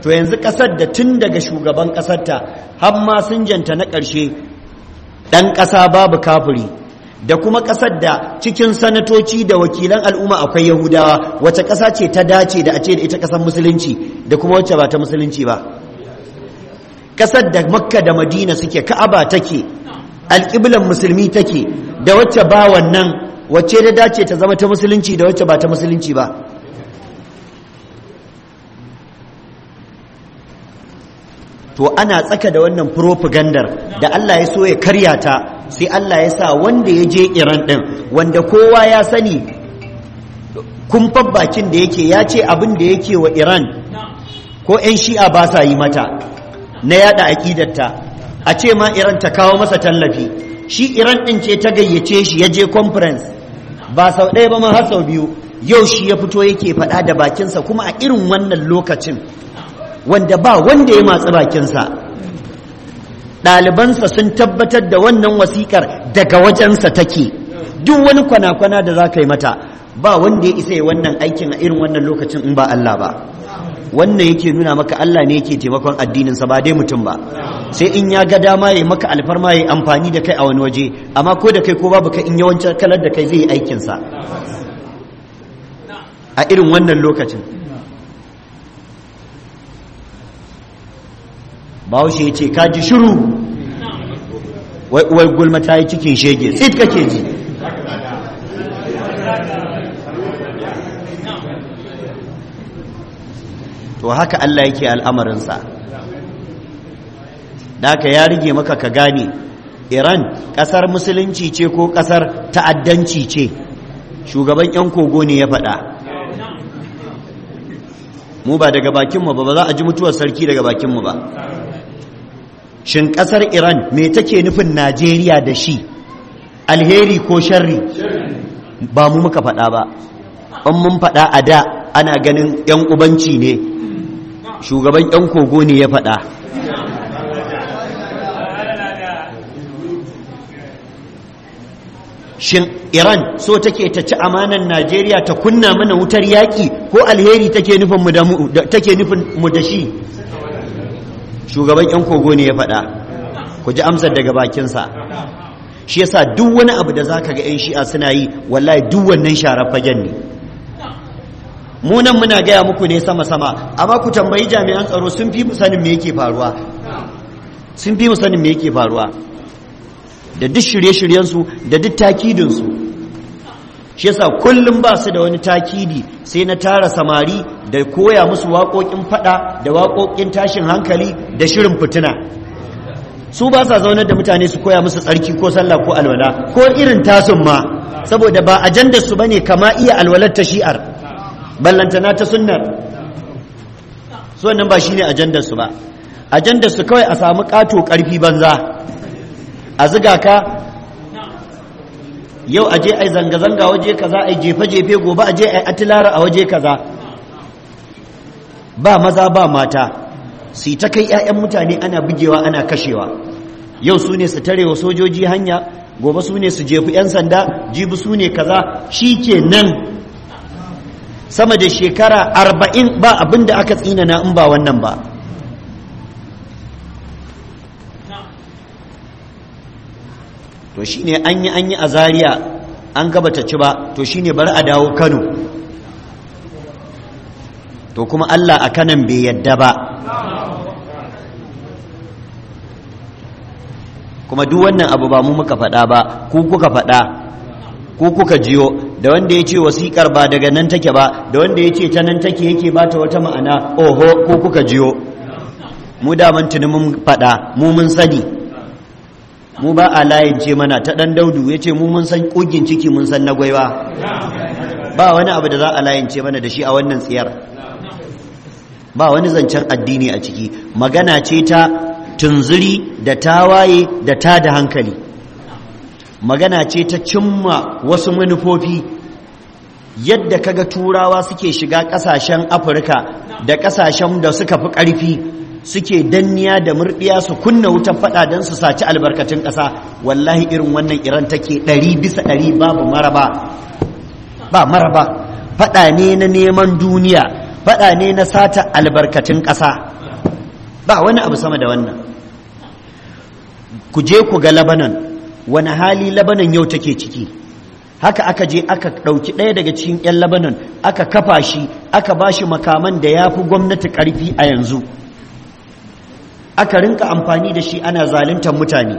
to yanzu ƙasar da tun daga shugaban ƙasarta har ma sun janta na ƙarshe ɗan ƙasa babu kafuri. da kuma ƙasar da cikin sanatoci da wakilan al'umma akwai yahudawa wace ƙasa ce ta dace da a ce da ita ƙasar musulunci da kuma wacce ba ta musulunci ba ƙasar da makka da madina suke ka'aba take alƙiblan musulmi take da wacce ba wannan wacce da dace ta zama ta musulunci da wacce ba ta musulunci ba to ana tsaka da wannan propagandar da Allah ya so ya karya ta sai Allah ya sa wanda ya je iran ɗin wanda kowa ya sani kumfan bakin da yake ya ce abin da yake wa iran ko 'yan shi'a ba sa yi mata na yada aƙidarta a ce ma iran ta kawo masa tallafi shi iran ɗin ce ta gayyace shi ya je conference ba sau ɗaya ba ma har sau biyu yau shi ya fito yake faɗa da bakinsa kuma a irin wannan lokacin wanda ba wanda ya matsi bakinsa ɗalibansa sun tabbatar da wannan wasikar daga wajensa take duk wani kwana-kwana da za ka yi mata ba wanda ya isa yi wannan aikin a irin wannan lokacin in ba Allah ba wannan yake nuna maka Allah ne yake taimakon addininsa ba dai mutum ba sai in ya ga dama ya maka alfarma ya amfani da kai a wani waje amma ko da kai ko babu kai in yawancin kalar da kai zai yi aikinsa a irin wannan lokacin bahaushe ya ce kaji shiru wai gulma ta yi cikin shege tsit kake ji to haka Allah yake al'amarinsa da ka ya rige maka ka gane iran kasar musulunci ce ko kasar ta'addanci ce shugaban 'yan kogo ne ya faɗa mu ba daga bakinmu ba ba za a ji mutuwar sarki daga bakinmu ba shin ƙasar iran me take nufin najeriya da shi alheri ko sharri ba mu muka faɗa ba in mun faɗa a da ana ganin 'yan ubanci ne shugaban 'yan kogo ne ya faɗa shin iran so take ta ci amanan najeriya ta kunna mana wutar yaƙi ko alheri take nufin mu da shi shugaban yan kogo ne ya faɗa ku ji amsar daga bakinsa shi yasa duk wani abu da zaka ga yan shi'a suna yi wallahi duk wannan sharar fagen ne mu nan muna gaya muku ne sama sama amma ku tambayi jami'an tsaro sun fi mu me yake faruwa sun fi musanin me yake faruwa da duk shirye su da duk takidinsu shi yasa kullum ba su da wani takidi sai na tara samari da koya musu waƙoƙin fada da waƙoƙin tashin hankali da shirin fitina su ba sa zaunar da mutane su koya musu tsarki ko sallah ko alwala ko irin tasun ma saboda ba ajandar su bane kama iya alwalar ta shi'ar ballantana ta sunnar su nan ba shine ajandar su ba ajandar su kawai a samu ƙato karfi banza a ziga ka yau a je yi zanga-zanga waje kaza ai jefe-jefe gobe a je a ai atilara a waje kaza ba maza ba mata su ta kai 'ya'yan mutane ana bugewa ana kashewa yau su ne su tare wa sojoji hanya gobe su ne su jefi 'yan sanda jibi su ne kaza shi ke nan sama da shekara arba'in ba abin da aka na in ba wannan ba to shine an yi an yi a Zariya an gaba ta ci ba to shine bari a dawo kano to kuma allah a kanan bai yadda ba kuma duk wannan abu ba mu muka faɗa ba ku kuka faɗa ku kuka jiyo da wanda ya ce wasiƙar ba daga nan take ba da wanda ya ce ta nan take yake ba ta wata ma'ana oho ku kuka jiyo mu daman tuni mun faɗa mu mun sani mu ba a layin ce mana ta ɗan daudu ya ce mu mun san ƙugin ciki mun san na gwaiwa ba wani abu da za a layin ce mana da shi a wannan tsiyar ba wani zancen addini a ciki magana ce ta tunziri da ta waye da ta da hankali magana ce ta cimma wasu manufofi yadda kaga turawa suke shiga ƙasashen afirka da ƙasashen da suka fi ƙarfi suke danniya da murɗiya su kunna wutan fada don su saci albarkacin ƙasa wallahi irin wannan iran take ɗari bisa ɗari babu maraba ba maraba fada ne na neman duniya fada ne na sata albarkacin ƙasa ba wani abu sama da wannan ku je ku ga labanan wani hali labanan yau take ciki haka aka je aka ɗauki ɗaya daga cikin 'yan labanan aka kafa shi aka ba shi makaman da ya fi gwamnati ƙarfi a yanzu aka rinka amfani da shi ana zaluntar mutane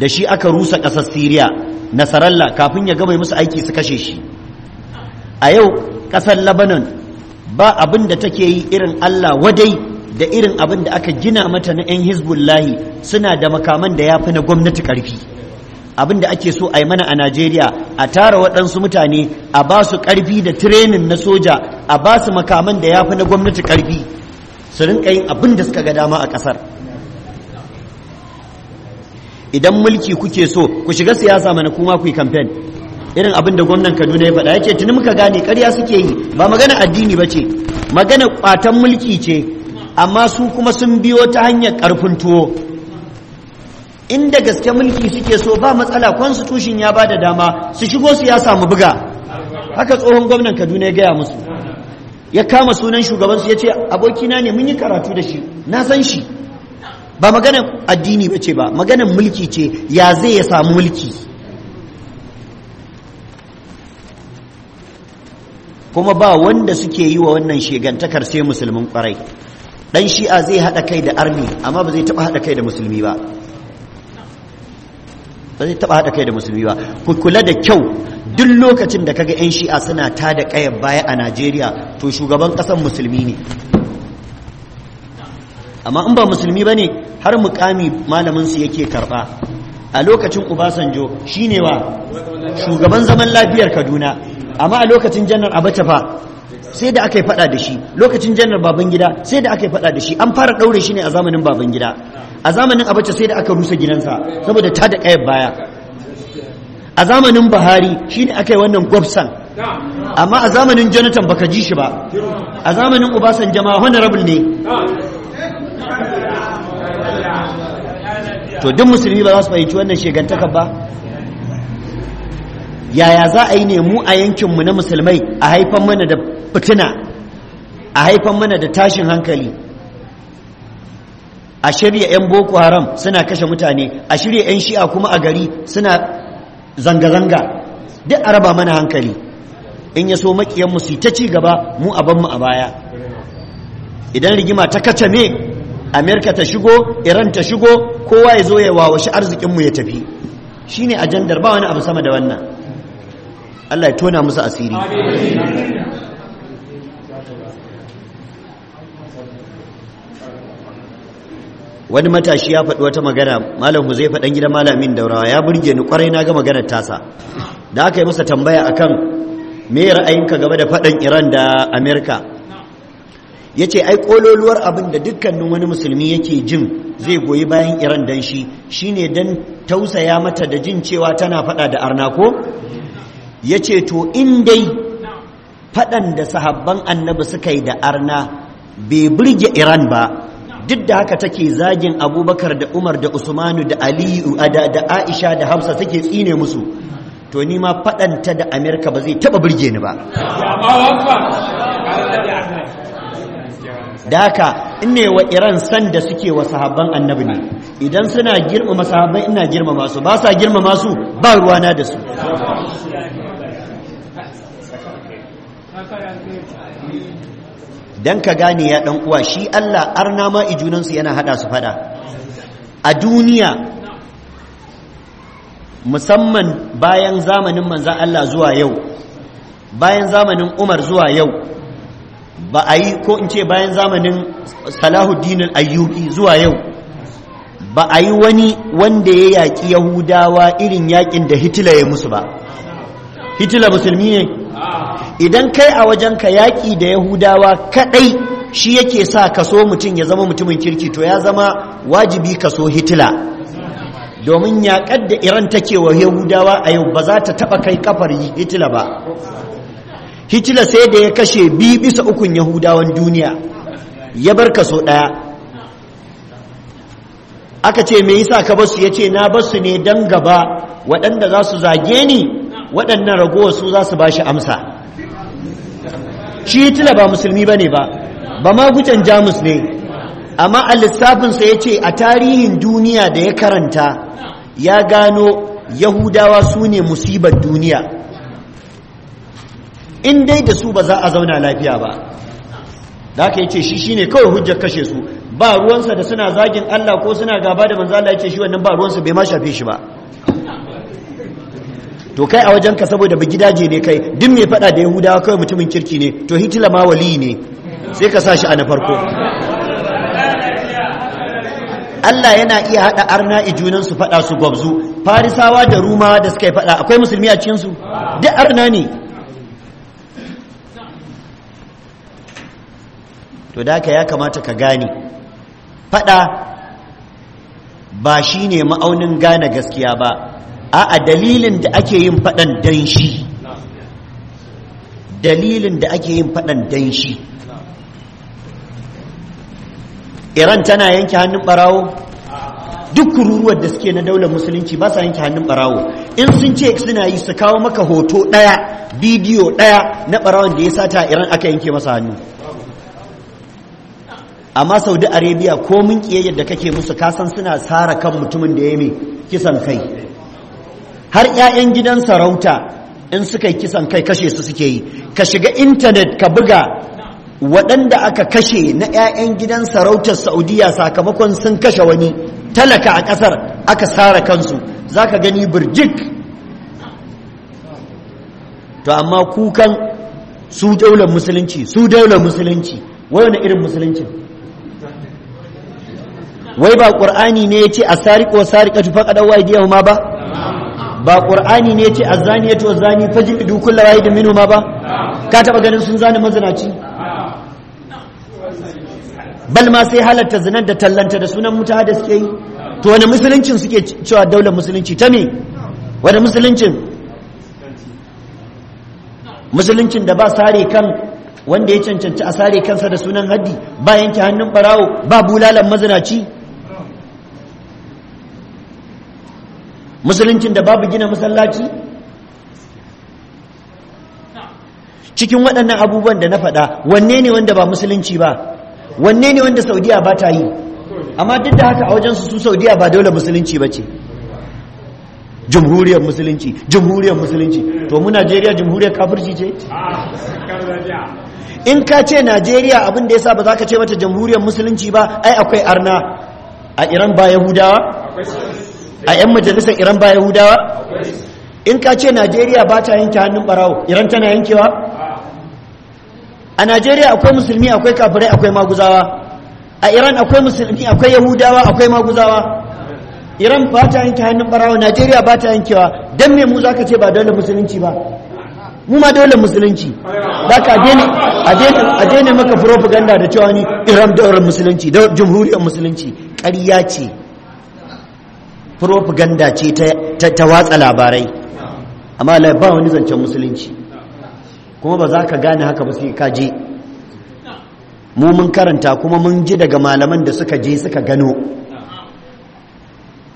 da shi aka rusa ƙasar siriya nasaralla kafin ya gama musu aiki su kashe shi a yau ƙasar lebanon ba abin da take yi irin allah wadai da irin abin da aka gina mata na 'yan hizbullahi suna da makaman da ya fi na gwamnati ƙarfi abin da ake so a yi mana a najeriya a tara waɗansu mutane a ba su ƙarfi da tirenin na soja a ba su makaman da ya fi na gwamnati ƙarfi su rinka yin abin da suka ga dama a ƙasar idan mulki kuke so ku shiga siyasa mana kuma ku yi kamfen irin abin da gwamnan kaduna ya faɗa ya ce tuni muka gane karya suke yi ba magana addini ba ce magana ƙwatan mulki ce amma su kuma sun biyo ta hanyar ƙarfin tuwo inda gaske mulki suke so ba matsala kwansu tushin ya ba da dama su shigo siyasa mu buga haka tsohon gwamnan kaduna ya gaya musu ya kama sunan shugabansu ya ce abokina ne mun yi karatu da shi na san shi ba maganar addini ba ce ba maganar mulki ce ya zai ya samu mulki kuma ba wanda suke yi wa wannan shegantakar sai musulmin kwarai dan shi'a zai haɗa kai da arni amma ba zai taɓa haɗa kai da musulmi ba ba zai taɓa haɗa kai da musulmi ba ku kula da kyau duk lokacin da kaga 'yan shi'a suna ta da ƙayar baya a najeriya to shugaban ƙasar musulmi ne amma in ba musulmi ba ne har mukami malaminsu yake karɓa a lokacin ubasanjo shi ne wa shugaban zaman lafiyar kaduna amma a lokacin janar abacha fa sai da aka yi faɗa da shi lokacin janar babangida sai da aka yi faɗa da shi an fara ɗaure shi ne a zamanin babangida a zamanin abacha sai da aka rusa gidansa saboda ta da ƙayar baya a zamanin buhari shi ne aka yi wannan gwabsan amma a zamanin jonathan baka ji shi ba a zamanin obasan jama'a honorable ne to duk musulmi ba za su fahimci wannan shegantakar ba yaya za a yi ne mu a yankinmu na musulmai a haifan mana da fitina a haifan mana da tashin hankali a shirya 'yan boko haram suna kashe mutane a shirya 'yan shi'a kuma a gari suna zanga-zanga duk a raba mana hankali in ya so makiyanmu su ta ci gaba mu a banmu a baya idan rigima ta kace me amerika ta shigo iran ta shigo kowa ya zo ya wawashi arzikinmu ya tafi shine ajandar ba wani abu sama da wannan allah ya tona musu asiri wani matashi ya faɗi wata magana malam zai faɗan gidan malamin daurawa ya burge ni kwarai na ga maganar tasa da aka yi masa tambaya akan me ra'ayinka game da faɗan iran da amerika ya ce ai ƙololuwar abin da dukkanin wani musulmi yake jin zai goyi bayan iran dan shi shine dan tausaya mata da jin cewa tana faɗa da arna ko ya ce to in dai faɗan da sahabban annabi suka yi da arna bai burge iran ba duk da haka take zagin abubakar da umar da usmanu da aliyu da aisha da hafsa take tsine musu to ni ma faɗanta da amerika ba zai taɓa birge ni ba da haka in ne wa iran san da suke wa sahabban annabi ne idan suna girmama sahabban ina girmama su ba sa girmama su ba ruwana da su dan ka gane ya ɗan uwa shi Allah na ma ijunansu yana haɗa su faɗa. a duniya musamman bayan zamanin manzan Allah zuwa yau bayan zamanin Umar zuwa yau ba a yi ko in ce bayan zamanin Salahuddin ayyuki zuwa yau ba a yi wani wanda ya yaƙi Yahudawa irin yaƙin da Hitler ya musu ba Hitler musulmi ne idan kai a wajenka yaƙi da yahudawa kaɗai shi yake sa kaso mutum ya zama mutumin kirki to ya zama wajibi kaso hitila domin yaƙar da iran take wa yahudawa a yau ba za ta taɓa kai ƙafar hitila ba hitila sai da ya kashe biyu bisa ukun yahudawan duniya ya bar kaso ɗaya aka ce me yasa ka basu ce na basu ne don gaba waɗanda za su zage ni waɗannan ragowar su za su ba shi amsa shi ba musulmi ba ne ba ba ma gujen jamus ne amma a lissafinsa ya ce a tarihin duniya da ya karanta ya gano yahudawa su ne musibar duniya in dai da su ba za a zauna lafiya ba da aka yi ce shi shine kawai hujjar kashe su ba ruwansa da suna zagin allah ko suna gaba da manzala ya ce shi wannan ba ruwansa bai ma shafe shi ba to kai a wajenka saboda ba gidaje ne kai duk mai fada da yahudawa kawai mutumin kirki ne to hitila ma wali ne sai ka sa shi a na farko Allah yana iya haɗa arna ijunan su faɗa su gwabzu farisawa da rumawa da suka yi faɗa akwai musulmi a cikinsu duk arna ne to da ka ya kamata ka gane faɗa ba shi ne ma'aunin gane gaskiya ba a'a dalilin da ake yin faɗan dan shi dalilin da ake yin faɗan dan shi iran tana yanke hannun barawo duk ruruwar da suke na daular musulunci ba sa yanke hannun barawo in sun ce suna yi su kawo maka hoto ɗaya bidiyo ɗaya na ɓarawon da ya sata iran aka yanke masa hannu amma saudi arabia ko mun da kake musu kasan suna tsara kan mutumin da ya mai kisan kai har 'ya'yan gidan sarauta in suka yi kisan kai kashe su suke yi ka shiga intanet ka buga waɗanda aka kashe na 'ya'yan gidan sarautar saudiya sakamakon sun kashe wani talaka a ƙasar aka sara kansu za ka gani birjik to amma kukan su daular musulunci su daular musulunci wai wani irin musulunci wai ba ƙur'ani ne ya ce a sariƙo sariƙa tufa ƙadawa idiyahu ma ba ba ƙur'ani ne ya ce yace azzaniyatu wazzani fajidu yi da minoma ba ka taɓa ganin sun zani mazinaci bal ma sai halatta zinar da tallanta da sunan muta da suke yi to wani musuluncin suke cewa daular musulunci ta me wani musuluncin musuluncin da ba sare kan wanda ya cancanci a sare kansa da sunan haddi ba yanke hannun barawo ba bulalan mazinaci musuluncin da babu gina masallaci cikin waɗannan abubuwan da na faɗa wanne ne wanda ba musulunci ba wanne ne wanda saudiya ba ta yi amma duk da haka a wajensu su saudiya ba dole musulunci ba ce jamhuriyar musulunci jamhuriyar musulunci to mu najeriya jamhuriyar kafirci ce in ka ce najeriya abin da ya sa ba za ka ce mata jamhuriyar musulunci ba ai akwai arna a iran ba yahudawa a 'yan majalisar iran ba yahudawa in ka ce najeriya ba ta yanke hannun barawo iran tana yankewa a najeriya akwai musulmi akwai kafirai akwai maguzawa a iran akwai musulmi akwai yahudawa akwai maguzawa iran ba ta yanke hannun barawo najeriya ba ta yankewa don me mu za ka ce ba dole musulunci ba mu ma dole musulunci za ka a daina maka propaganda da cewa ni iran daular musulunci da jamhuriyar musulunci ƙarya ce propaganda ce ta watsa labarai amma ba wani zancen musulunci kuma ba za ka gane haka ba sai ka je mu mun karanta kuma mun ji daga malaman da suka je suka gano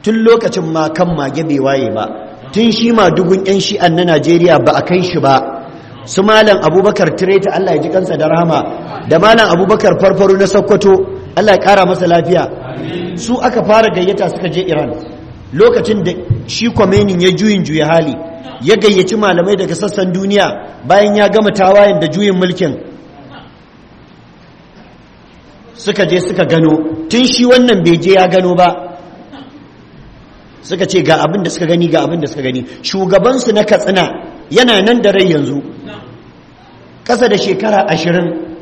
tun lokacin ma kan mage bai waye ba tun shi ma dugun yan shi'an na najeriya ba a kai shi ba su malam abubakar tireta allah ya ji kansa da rahama da malam abubakar farfaro na sokoto allah ya kara masa lafiya su aka fara gayyata suka je iran lokacin da shi kwamenin ya juyin juya hali ya gayyaci malamai daga sassan duniya bayan ya gama tawayen da juyin mulkin suka je suka gano tun shi wannan bai je ya gano ba suka ce ga abin da suka gani ga abin da suka gani shugabansu na katsina yana nan da rai yanzu ƙasa da shekara ashirin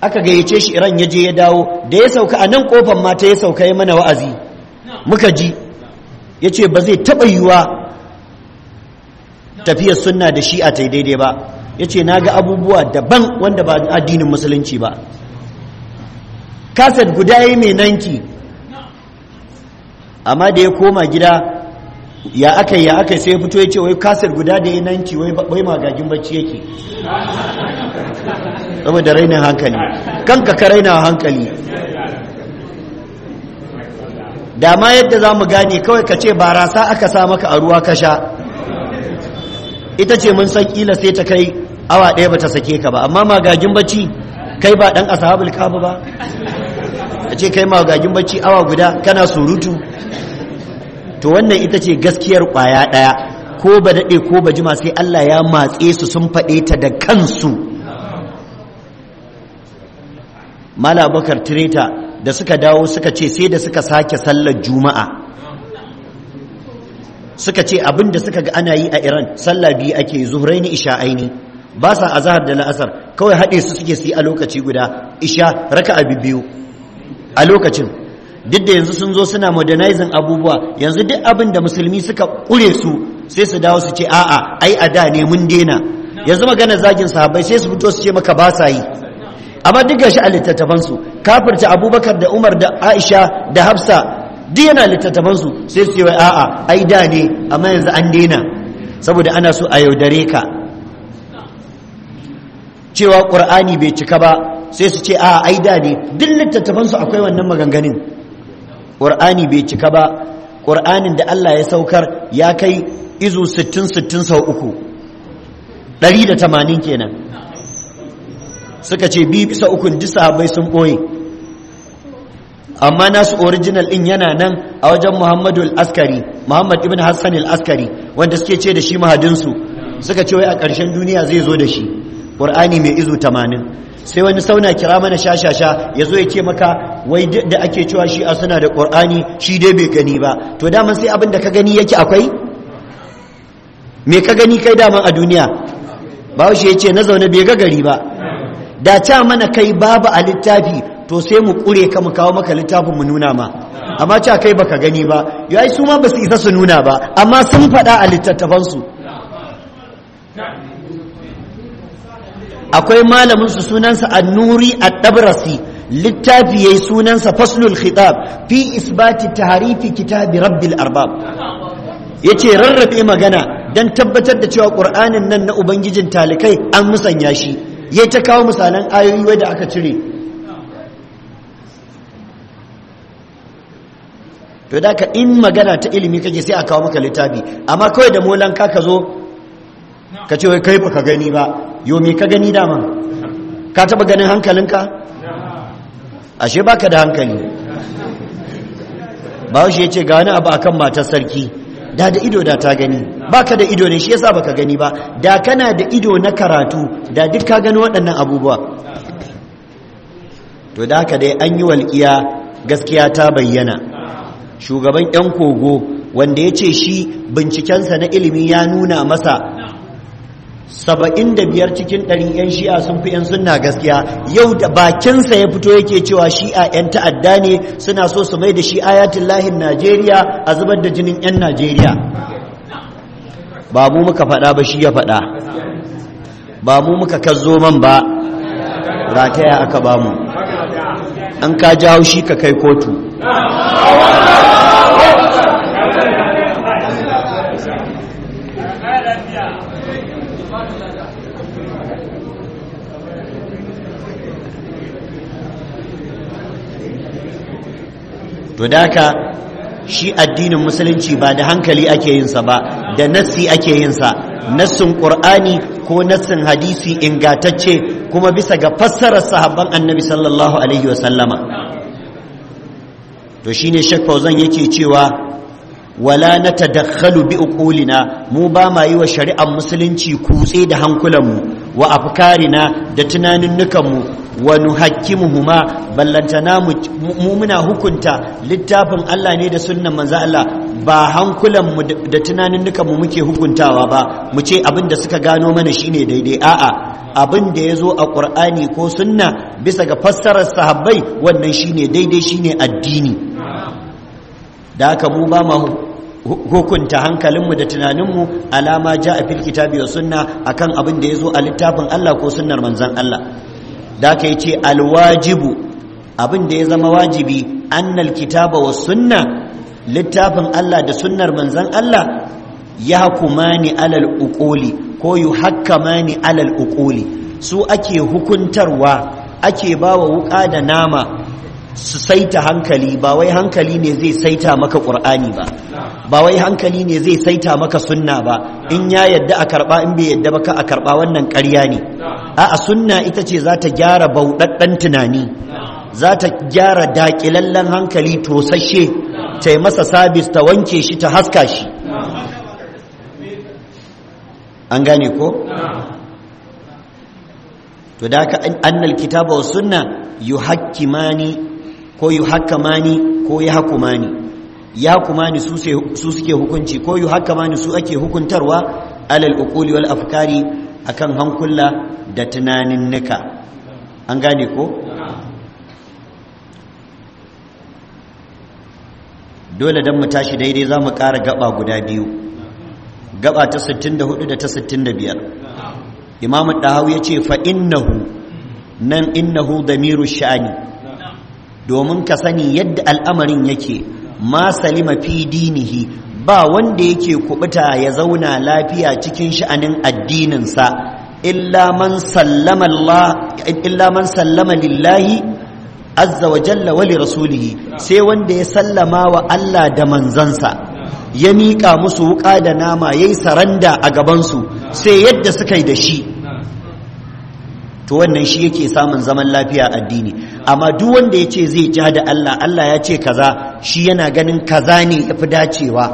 aka gayyace shi iran ya je ya dawo da ya sauka a nan kofan mata ya sauka ya mana wa'azi muka ji ya ce ba zai taɓa yiwuwa tafiyar sunna da shi'a ta daidai ba ya ce na ga abubuwa daban wanda ba addinin musulunci ba kaset guda ya mai nanki amma da ya koma gida ya aka ya aka sai ya fito ya ce wai kaset guda da ya nanki wai magagin bacci yake saboda rainin hankali kanka ka raina hankali da ma yadda za mu gane kawai ka ce barasa aka sa maka a ruwa ka sha ita ce mun san kila sai ta kai awa ɗaya bata sake ka ba amma magagin bacci kai ba ɗan asahabul kafa ba a ce kai magagin bacci awa guda kana surutu to wannan ita ce gaskiyar ƙwaya ɗaya ko ba daɗe ko ba jima sai Allah ya matse su sun faɗe ta da kansu mala tireta da suka dawo suka ce sai da suka sake sallar juma'a suka ce abin da suka ga ana yi a iran sallah biyu ake isha aini ba sa zahar da la'asar kawai haɗe su suke su a lokaci guda isha raka abu biyu a lokacin duk da yanzu sun zo suna modernizing abubuwa yanzu duk abin da musulmi suka ƙure su sai su dawo su ce a'a ai a da ne mun dena yanzu magana zagin sahabbai sai su fito su ce maka ba sa yi amma duk gashi a littattafansu kafirta abubakar da umar da aisha da hafsa duk yana littattafansu sai su yi a'a ai da ne amma yanzu an daina saboda ana so a yaudare ka cewa ƙur'ani bai cika ba sai su ce a'a ai da ne duk littattafansu akwai wannan maganganun ƙur'ani bai cika ba ƙur'anin da allah ya saukar ya kai izu 60-60 sau uku ɗari kenan suka ce bi bisa ukun ji sahabbai sun boye amma nasu original din yana nan a wajen muhammadu al-askari muhammad ibn hassan al-askari wanda suke ce da shi mahadinsu suka ce wai a ƙarshen duniya zai zo da shi ƙur'ani mai izu tamanin sai wani sauna kira mana shashasha ya zo ya ce maka wai da ake cewa shi a suna da ƙur'ani shi dai bai gani ba to daman sai abin da ka gani yake akwai me ka gani kai daman a duniya ba shi ya ce na zaune bai ga gari ba da ta mana kai babu a littafi to sai mu kure ka mu kawo maka littafin mu nuna ma amma ta kai baka gani ba yayi su ma ba su isa su nuna ba amma sun faɗa a littattafansu akwai malamin su sunansa annuri ad-dabrasi littafi yayi sunansa faslul khitab fi isbati tahrifi kitabi rabbil arbab yace rarrafe magana don tabbatar da cewa qur'anin nan na ubangijin talikai an musanya shi ya ta kawo misalan ayoyi wadda aka cire to da ka in magana ta ilimi kake sai a kawo maka littafi amma kawai da molan ka zo ka ce wai kai baka gani ba yo me ka gani dama ka taba ganin hankalinka ashe baka da hankali ba shi ya ce ga wani abu akan matar sarki da da ido da ta gani baka da ido ne shi yasa baka gani ba da kana da ido na karatu da duk ka gani waɗannan abubuwa to da ka dai an yi walƙiya gaskiya ta bayyana shugaban 'yan kogo wanda ya ce shi bincikensa na ilimi ya nuna masa saba'in da biyar cikin ɗari 'yan shi'a sun fi 'yan sunna gaskiya yau da bakinsa ya fito yake cewa shi'a 'yan ta'adda ne suna so su mai da shi ayatin lahin najeriya a zubar da jinin 'yan najeriya ba mu muka faɗa ba shi ya faɗa ba mu muka kazzo man ba rataya aka ba an ka jawo shi ka kai kotu to daka shi addinin musulunci ba da hankali ake yinsa ba da nassi ake yinsa sa nassin qur'ani ko nassin hadisi ingatacce kuma bisa ga fassarar sahabban annabi sallallahu alaihi wa sallama to shine shek fauzan yake cewa wala na tadakhalu bi uqulina mu ba ma yi wa shari'ar musulunci kutse da hankulanmu wa afkarina da tunanin tunaninnukanmu wa nuhakkimuhuma ballantana mu muna hukunta littafin Allah ne da sunnan manzo Allah ba hankulan mu da tunaninnukan mu muke hukuntawa ba mu ce abin da suka gano mana shine daidai a'a abin da ya zo a Qur'ani ko sunna bisa ga fassarar sahabbai wannan shine daidai shine addini da aka mu ba hukunta hankalinmu da tunaninmu alama ja a fil kitabi wa sunna akan abin da ya zo a littafin Allah ko sunnar manzan Allah da ka yi ce alwajibu abin da ya zama wajibi annal kitaba wa sunna littafin Allah da sunnar manzan Allah ya ni alal uquli ko ni alal uquli su ake hukuntarwa ake bawa wuka da nama su saita hankali ba wai hankali ne zai saita maka ƙur'ani ba ba wai hankali ne zai saita maka sunna ba in ya yadda a karɓa in bai yadda ba ka a karɓa wannan ƙarya ne a'a sunna ita ce za ta gyara bauɗaɗɗen tunani za ta gyara daƙilallen hankali tosashe ta yi masa sabis ta wanke shi ta haska shi an gane ko? to da ka annal kitaba wa sunna yuhakkimani ko yi hakamani ko ya hakumani ya ni su suke hukunci ko yi hakamani su ake hukuntarwa alal uquli wal afkari akan hankula da tunanin nika an gane ko dole dan mu tashi daidai za mu ƙara gaba guda biyu gaba ta 64 da ta 65 imamu dahawi ya ce fa innahu nan innahu damiru sha'ani domin ka sani yadda al'amarin yake ma salima fi dinihi ba wanda yake kubuta ya zauna lafiya cikin sha'anin addininsa illa man sallama man sallama lillahi azza wa jalla wa rasulihi sai wanda ya sallama wa Allah da manzansa ya miƙa musu wuƙa da nama yayi saranda a gabansu, sai yadda suka yi da shi to wannan shi yake samun zaman lafiya addini amma duk wanda ya ce zai ja da Allah Allah ya ce kaza shi yana ganin kaza ne ya fi dacewa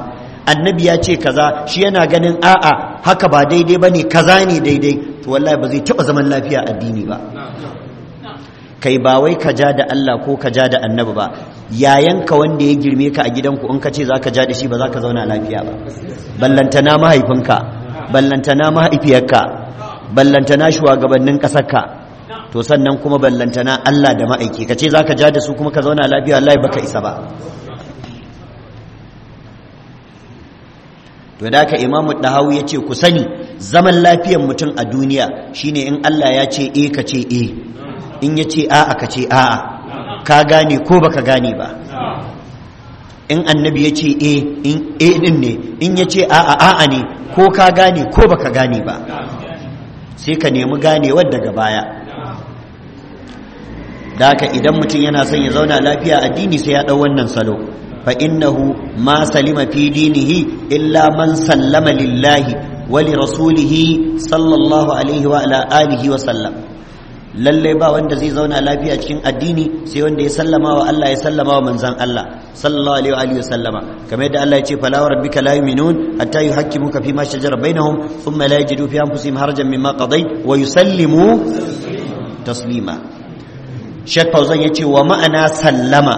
annabi ya ce kaza shi yana ganin a'a haka ba daidai ba ne kaza ne daidai to wallahi ba zai taɓa zaman lafiya addini ba kai ba wai ka ja da Allah ko ka ja da annabi ba yayanka wanda ya girme ka a gidanku in ka ce za ka ja da shi ba za ka zauna lafiya ba ballantana mahaifinka ballantana mahaifiyarka ballantana shugabannin ƙasarka to sannan kuma ballantana Allah da ma'aiki ka ce za ka ja da su kuma ka zauna lafiya Allah baka isa ba to da ka imamu dahawu ya ce ku sani zaman lafiyan mutum a duniya shine in Allah ya ce e ka ce e in ya ce a ka ce a'a ka gane ko baka gane ba in annabi ya ce e in ne in ya ce a a'a ne ko ka gane ko baka gane ba sai ka nemi ganewar daga baya da haka idan mutum yana son ya zauna lafiya addini sai ya ɗau wannan salo fa innahu ma salima fi dinihi illa man sallama lillahi wa li rasulihi sallallahu alaihi wa ala alihi wa sallam lalle ba wanda zai zauna lafiya cikin addini sai wanda ya sallama wa Allah ya sallama wa manzan Allah sallallahu alaihi wa alihi sallama kamar yadda Allah ya ce fala rabbika la yu'minun hatta yuhakkimuka fi ma shajara bainahum thumma la yajidu fi anfusihim harajan mimma qadayt wa yusallimu taslima Sheikh Fauzan ya ce wa ma'ana sallama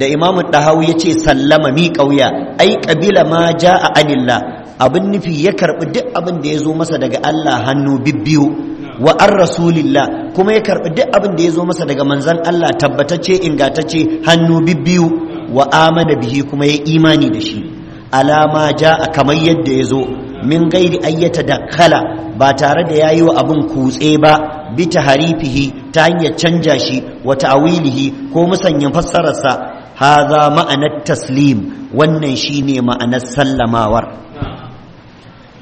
da imamu ɗahau ya ce sallama mi kauya. ai ƙabila ma ja a anilla abin nufi ya karɓi duk abin da ya zo masa daga Allah hannu bibbiyu wa an rasulillah kuma ya karɓi duk abin da ya zo masa daga manzan Allah tabbatacce ingantacce hannu bibbiyu wa amana bihi kuma ya imani da shi alama ja a kamar yadda ya zo min gairi ayyata da kala ba tare da yayi wa abin kutse ba bi harifihi ta hanyar canja shi wa ta'wilihi ko musanyin fassararsa haza ma'anar taslim wannan shine ma'anar sallamawar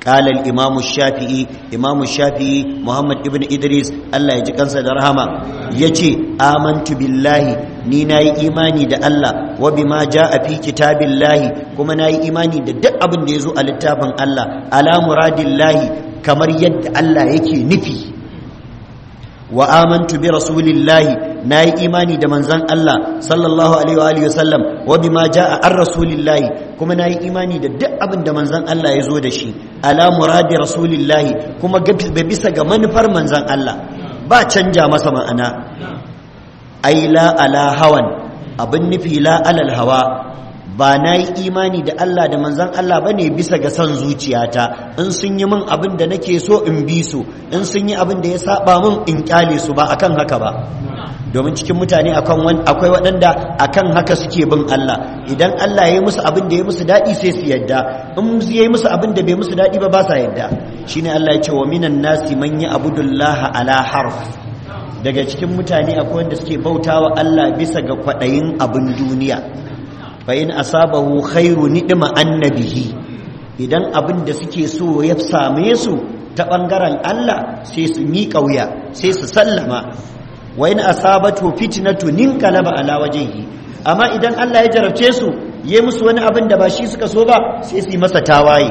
Shafi'i Muhammad الشافعي Idris Allah ya ابن إدريس da rahama. Ya ce آمنت بالله ni na yi imani da Allah wa bima ja a fi kitabin lahi kuma na yi imani da duk abin da ya zo a littafin Allah ala muradin kamar yadda Allah yake nufi wa amantu bi rasulillahi nayi imani da manzon Allah sallallahu alaihi wa alihi wasallam wa bima jaa ar rasulillahi kuma nayi imani da duk abin da manzon Allah ya zo da shi ala muradi rasulillahi kuma bisa ga manufar manzon Allah ba canja masa ma'ana ai la ala hawan abin nufi la alal hawa ba na yi imani da Allah da manzan Allah ba ne bisa ga son zuciyata in sun yi min abin da nake so in bi su in sun yi abin da ya saba min in kyale su ba akan haka ba domin cikin mutane akwai waɗanda akan haka suke bin Allah idan Allah ya yi musu abin da ya musu daɗi sai su yadda in ya yi musu abin da bai musu daɗi ba ba sa yadda shine Allah ya ce wa minan nasi man ya abudullaha ala harf daga cikin mutane akwai wanda suke bautawa Allah bisa ga kwaɗayin abin duniya fa in asabahu khairu ni'ma annabihi idan abin da suke so ya same su ta bangaren Allah sai su mi kauya sai su sallama wa in asabatu fitnatu ninqalaba ala wajhihi amma idan Allah ya jarabce su yayi musu wani abin da ba shi suka so ba sai su yi masa tawaye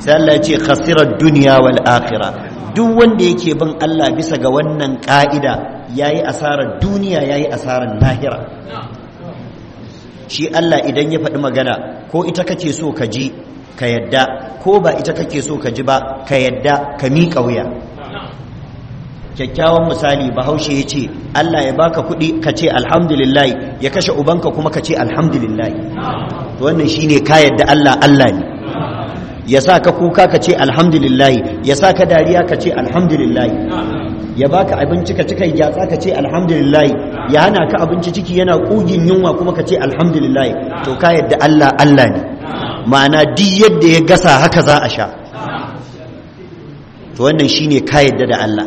sai Allah ya ce khasirar dunya wal akhirah duk wanda yake bin Allah bisa ga wannan ka'ida yayi asarar duniya yayi asarar lahira shi Allah idan ya faɗi magana ko ita kake so ka ji ka yadda ko ba ita kake so ka ji ba ka yadda ka miƙa wuya kyakkyawan misali bahaushe ya ce Allah ya baka kuɗi ka ce alhamdulillahi ya kashe ubanka kuma ka ce wannan shine ka yadda Allah Allah ne ya sa ka kuka ka ce alhamdulillahi ya sa ka dariya ka ce alhamdulillahi ya baka abinci ka cika gyatsa ka ce alhamdulillah ya hana ka abinci ciki yana kugin yunwa kuma ka ce alhamdulillah to ka yadda Allah Allah ne ma'ana duk yadda ya gasa haka za a sha to wannan shine ka yadda da Allah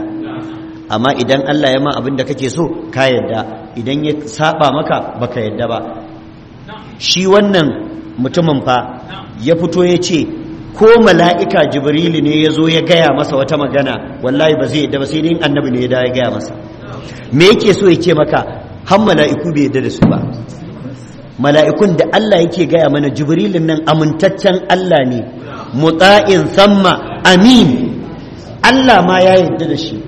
amma idan Allah ya ma abin da kake so ka yadda idan ya saba maka baka yadda ba shi wannan mutumin fa ya fito ya ce ko mala'ika jibrilu ne ya zo ya gaya masa wata magana wallahi ba zai yadda ba sai ne annabi ne ya da ya gaya masa me yake so ya ce maka har mala'iku bai yadda da su ba mala'ikun da Allah yake gaya mana Jibrilu nan amintaccen Allah ne mutsa'in samma amin Allah ma ya yadda da shi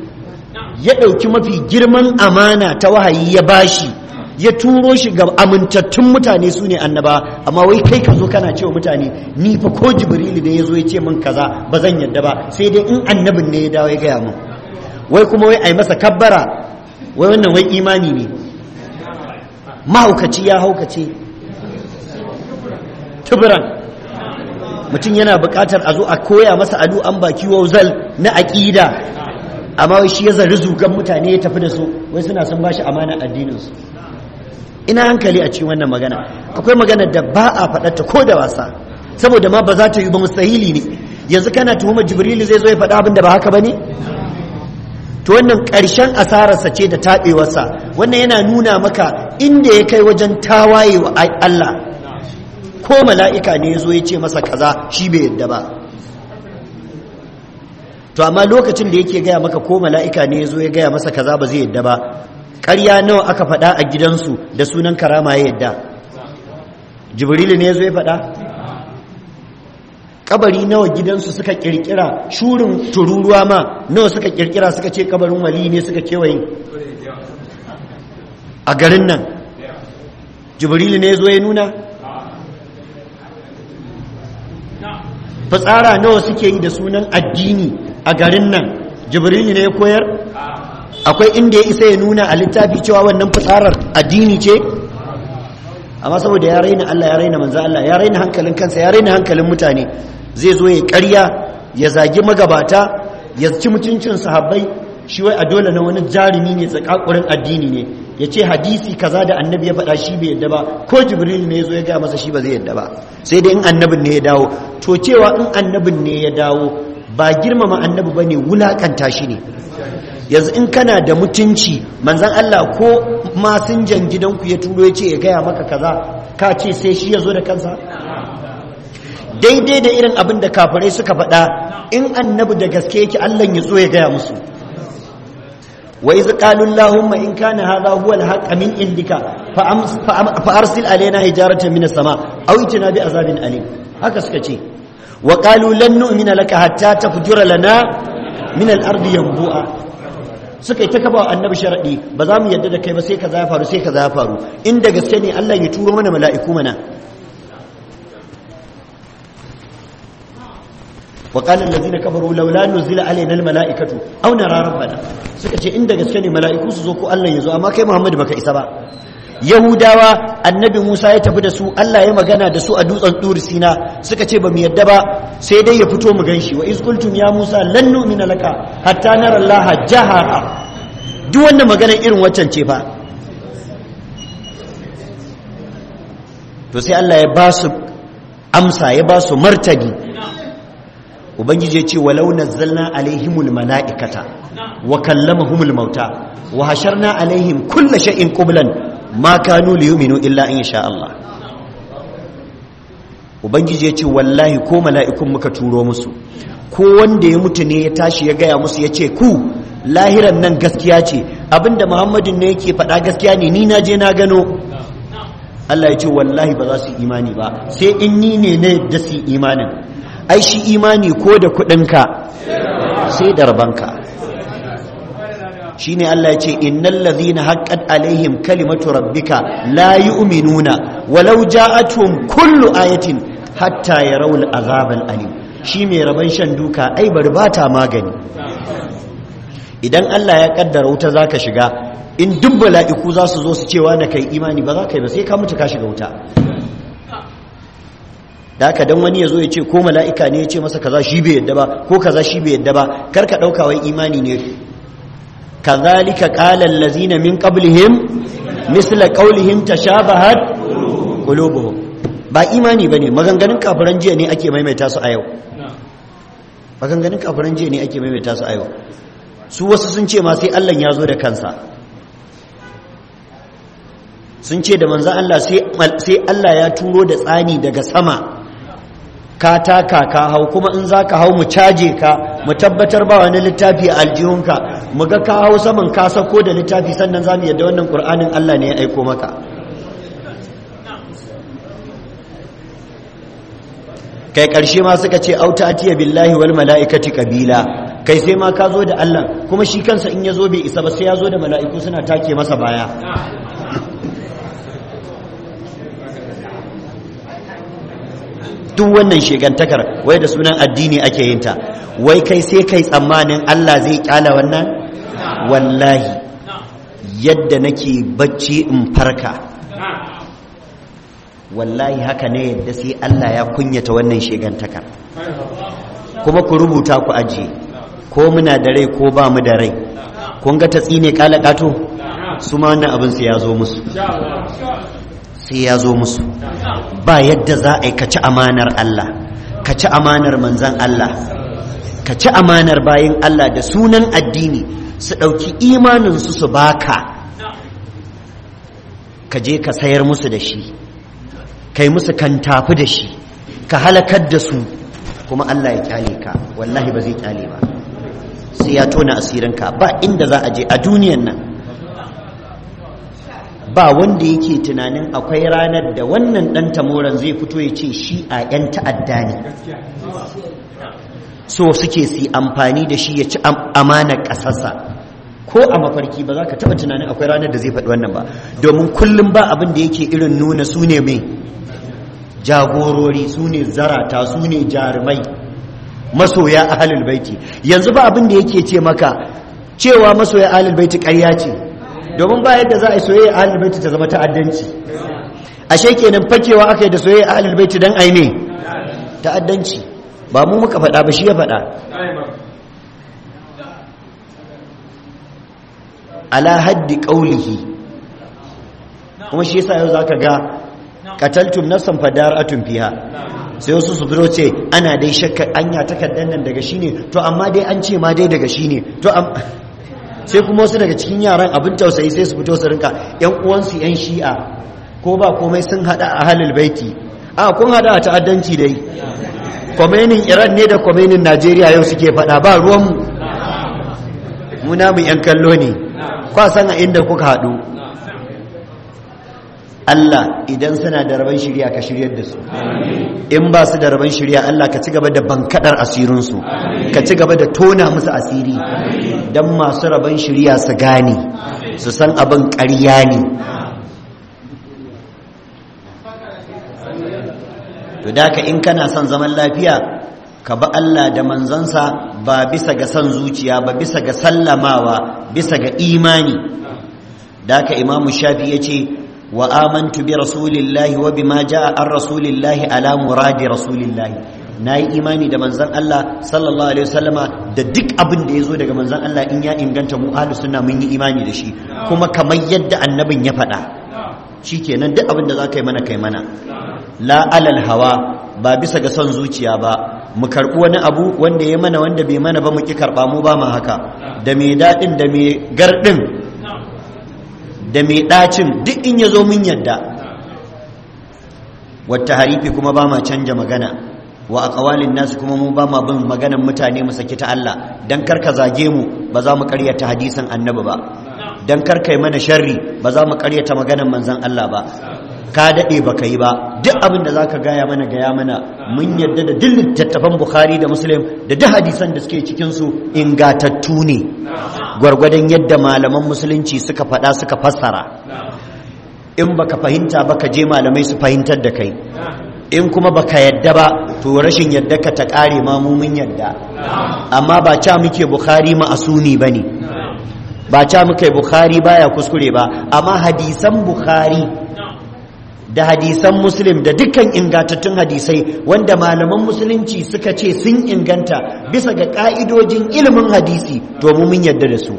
ya ɗauki mafi girman amana ta wahayi ya bashi ya turo shi ga amintattun mutane su ne annaba amma wai kai ka zo kana cewa mutane ni fa ko jibrilu ne ya zo ya ce min kaza ba zan yadda ba sai dai in annabin ne ya dawo ya gaya min wai kuma wai ai masa kabbara wai wannan wai imani ne mahaukaci ya haukace tuburan mutum yana buƙatar a zo a koya masa adu an baki wauzal na aƙida amma shi ya zari zugan mutane ya tafi da su wai suna sun bashi amana addininsu ina hankali a cikin wannan magana akwai magana da ba a ta ko da wasa saboda ma ba za ta yi ba mustahili ne yanzu kana tuhuma jibrilu zai zo ya faɗa abin da ba haka ba ne to wannan ƙarshen asararsa ce da taɓewarsa wannan yana nuna maka inda ya kai wajen tawaye wa Allah ko mala'ika ne ya zo ya ce masa kaza shi bai yadda ba to amma lokacin da yake gaya maka ko mala'ika ne ya zo ya gaya masa kaza ba zai yadda ba ƙarya nawa aka faɗa a gidansu da sunan karama ya yadda jibrilu ne ya zo ya faɗa kabari nawa gidansu suka ƙirƙira shurin tururuwa ma nawa suka ƙirƙira suka ce kabarin wali ne suka kewaye a garin nan jibrilu ne ya zo ya nuna fitsara nawa suke yi da sunan addini a garin nan jibrilu ne ya koyar akwai inda ya isa ya nuna a littafi cewa wannan fitsarar addini ce amma saboda ya raina Allah ya raina manzo Allah ya raina hankalin kansa ya raina hankalin mutane zai zo ya karya ya zagi magabata ya ci mutuncin sahabbai shi wai a dole na wani jarumi ne tsakakurin addini ne ya ce hadisi kaza da annabi ya faɗa shi bai yadda ba ko jibril ne ya zo ya gaya masa shi ba zai yadda ba sai dai in annabin ne ya dawo to cewa in annabin ne ya dawo ba girmama annabi ba ne wulaƙanta shi ne yanzu in kana da mutunci manzan Allah ko masinjan gidanku ya turo ya ce ya gaya maka kaza ka ce sai shi ya zo da kansa daidai da irin abin da kafirai suka faɗa in annabi da gaske yake Allah ya zo ya gaya musu wa iz qalu allahumma in kana hadha huwa alhaq min indika fa arsil alaina hijaratan min as-sama aw itina bi azabin alim haka suka ce wa qalu lan nu'mina laka hatta tafjura lana min al-ardi yanbu'a suka yi ta kaba annabi sharaɗi ba za mu yadda da kai ba sai ka ya sai ka ya faru inda gaske ne Allah ya turo mana mala'iku mana wa qala allazina kafaru laula nuzila alaina almala'ikatu aw nara rabbana suka ce inda gaske ne mala'iku su zo ko Allah ya zo amma kai Muhammad baka isa ba yahudawa annabi musa ya tafi da su allah ya magana da su a dutsen turi sina suka ce ba mu yadda ba sai dai ya fito mu gan shi wa iskultum ya musa lan nu'mina laka hatta nara allah jahara duk wannan maganar irin waccan ce fa to sai allah ya ba su amsa ya ba su martani ubangiji ya ce walau nazzalna alaihimul mala'ikata wa kallamahumul mauta wa hasharna alaihim kulle shay'in qublan ma kanu li yuminu illa in sha Allah ubangiji ya ce wallahi ko mala'ikun muka turo musu ko wanda ya mutu ne ya tashi ya gaya musu ya ce ku lahiran nan gaskiya ce abinda muhammadin ne yake faɗa gaskiya ne ni na je na gano Allah ya ce wallahi ba za su imani ba sai in ni ne ne da su imanin ai shi imani ko da kuɗinka sai da rabanka shine Allah ya ce innal ladhina haqqat alaihim kalimatu rabbika la yu'minuna walau ja'atuhum kullu ayatin hatta yarawul azabal alim shi mai rabon shan duka ai bari ba ta magani idan Allah ya kaddara wuta zaka shiga in duk bala'iku za su zo su cewa na kai imani ba za ka yi ba sai ka mutu ka shiga wuta da haka dan wani ya zo ya ce ko mala'ika ne ya ce masa kaza shi bai yadda ba ko kaza shi bai yadda ba kar ka ɗauka wai imani ne كذلك قال الذين من قبلهم مثل قولهم تشابهت قلوبهم ba imani bane maganganun kafiran jiya ne ake maimaita su a yau maganganun kafiran jiya ne ake maimaita su a yau su wasu sun ce ma sai Allah ya zo da kansa sun ce da manzan Allah sai Allah ya turo da tsani daga sama ka taka ka hau kuma in za ka hau mu caje ka mu tabbatar ba wani littafi a aljihunka mu ga ka hau saman ka sako da littafi sannan za mu yadda wannan ƙur'anin Allah ne ya aiko maka kai ƙarshe ma suka ce auta atiya billahi wal mala'ikati kabila kai sai ma ka zo da Allah kuma shi kansa in ya zo bai isa ba sai ya zo da mala'iku suna take masa baya duk wannan shegantakar wai da sunan addini ake yin ta wai kai sai kai tsammanin Allah zai kyala wannan wallahi yadda nake bacci in farka wallahi haka ne yadda sai Allah ya kunyata wannan shegantakar kuma ku rubuta ku ajiye ko muna da rai ko ba mu da rai kun ga ta tsine kala kato su ma wannan abin su ya zo musu sai ya zo musu ba yadda za a yi ka ci amanar Allah ka ci amanar manzan Allah ka ci amanar bayan Allah da sunan addini su ɗauki imaninsu su baka ka je ka sayar musu da shi ka yi musu kan tafi da shi ka halakar da su kuma Allah ya kyale ka wallahi ba zai kyale ba sai ya tona asirinka ba inda za a je a duniyan nan ba wanda yake tunanin akwai ranar da wannan ɗan tamoran zai fito ya ce shi a 'yan ta'adda ne so suke su amfani da shi ya ci amanar kasarsa. ko a mafarki ba za ka taɓa tunanin akwai ranar da zai faɗi wannan ba domin kullum ba abin da yake irin nuna su ne mai jagorori su ne zarata su ne jarumai masoya ahalul baiti yanzu ba abin da yake ce maka cewa masoya ahalul baiti ƙarya ce domin ba yadda za a yi soyayya ahlul baiti ta zama ta'addanci A kenan fakewa aka yi da soyayya ahlul baiti dan aini ta'addanci ba mu muka faɗa ba shi ya faɗa ala haddi qaulihi kuma shi yasa yau za ka ga na samfa nafsan atun fiha sai wasu su zuro ce ana dai shakka anya takardar nan daga shi ne to amma dai an ce ma dai daga ne to sai kuma wasu daga cikin yaran abin tausayi sai su fito su rinka yan uwansu yan shi'a ko ba komai sun hada a halil baiti a kun hada a ta'addanci dai kwamenin iran ne da kwamenin najeriya yau suke fada ba mu muna mu yan kallo ne san a inda kuka hadu Allah idan suna da rabon shirya ka shiryar da su in ba su da rabon shirya Allah ka ci gaba da bankadar asirinsu ka ci gaba da tona musu asiri don masu rabon shirya su gane su san abin ƙarya ne to daka in kana son zaman lafiya ka ba Allah da manzansa ba bisa ga son zuciya ba bisa ga sallamawa bisa ga imani daka imamu shafi ya ce wa amantu bi rasulillahi wa bima jaa an rasulillahi ala muradi rasulillahi nayi imani da manzon Allah sallallahu alaihi wasallama da duk abin da zo daga manzon Allah in ya inganta mu ahlus sunna mun yi imani da shi kuma kamar yadda annabin ya faɗa Shi shikenan duk abinda za ka mana kai mana La'alal hawa ba bisa ga son zuciya ba mu karɓi wani abu wanda ya mana wanda bai mana ba mu ki karɓa mu ba mu haka da mai daɗin da mai garɗin da mai ɗacin duk in ya zo mun yadda wata harifi kuma ba ma canja magana wa a ƙawalin nasu kuma mu ba ma bin maganan mutane mu saki ta Allah don karka zage mu ba za mu karyata hadisan annabi ba don karka yi mana sharri ba za mu karyata maganan manzan Allah ba ka daɗe ba ka yi ba duk abin da za ka gaya mana gaya mana mun yadda da duk littattafan bukhari da muslim da duk hadisan da suke cikinsu ingatattu ne gwargwadon yadda malaman musulunci suka faɗa suka fassara in baka fahimta ba ka je malamai su fahimtar da kai in kuma baka yadda ba to rashin yadda ka ta ƙare ma mu mun yadda amma ba ca muke bukhari ma'asuni ba ne ba ca muke bukhari baya kuskure ba amma hadisan bukhari da hadisan muslim da dukkan ingantattun hadisai wanda malaman musulunci suka ce sun inganta bisa ga ka'idojin ilimin hadisi to mu mun yarda da su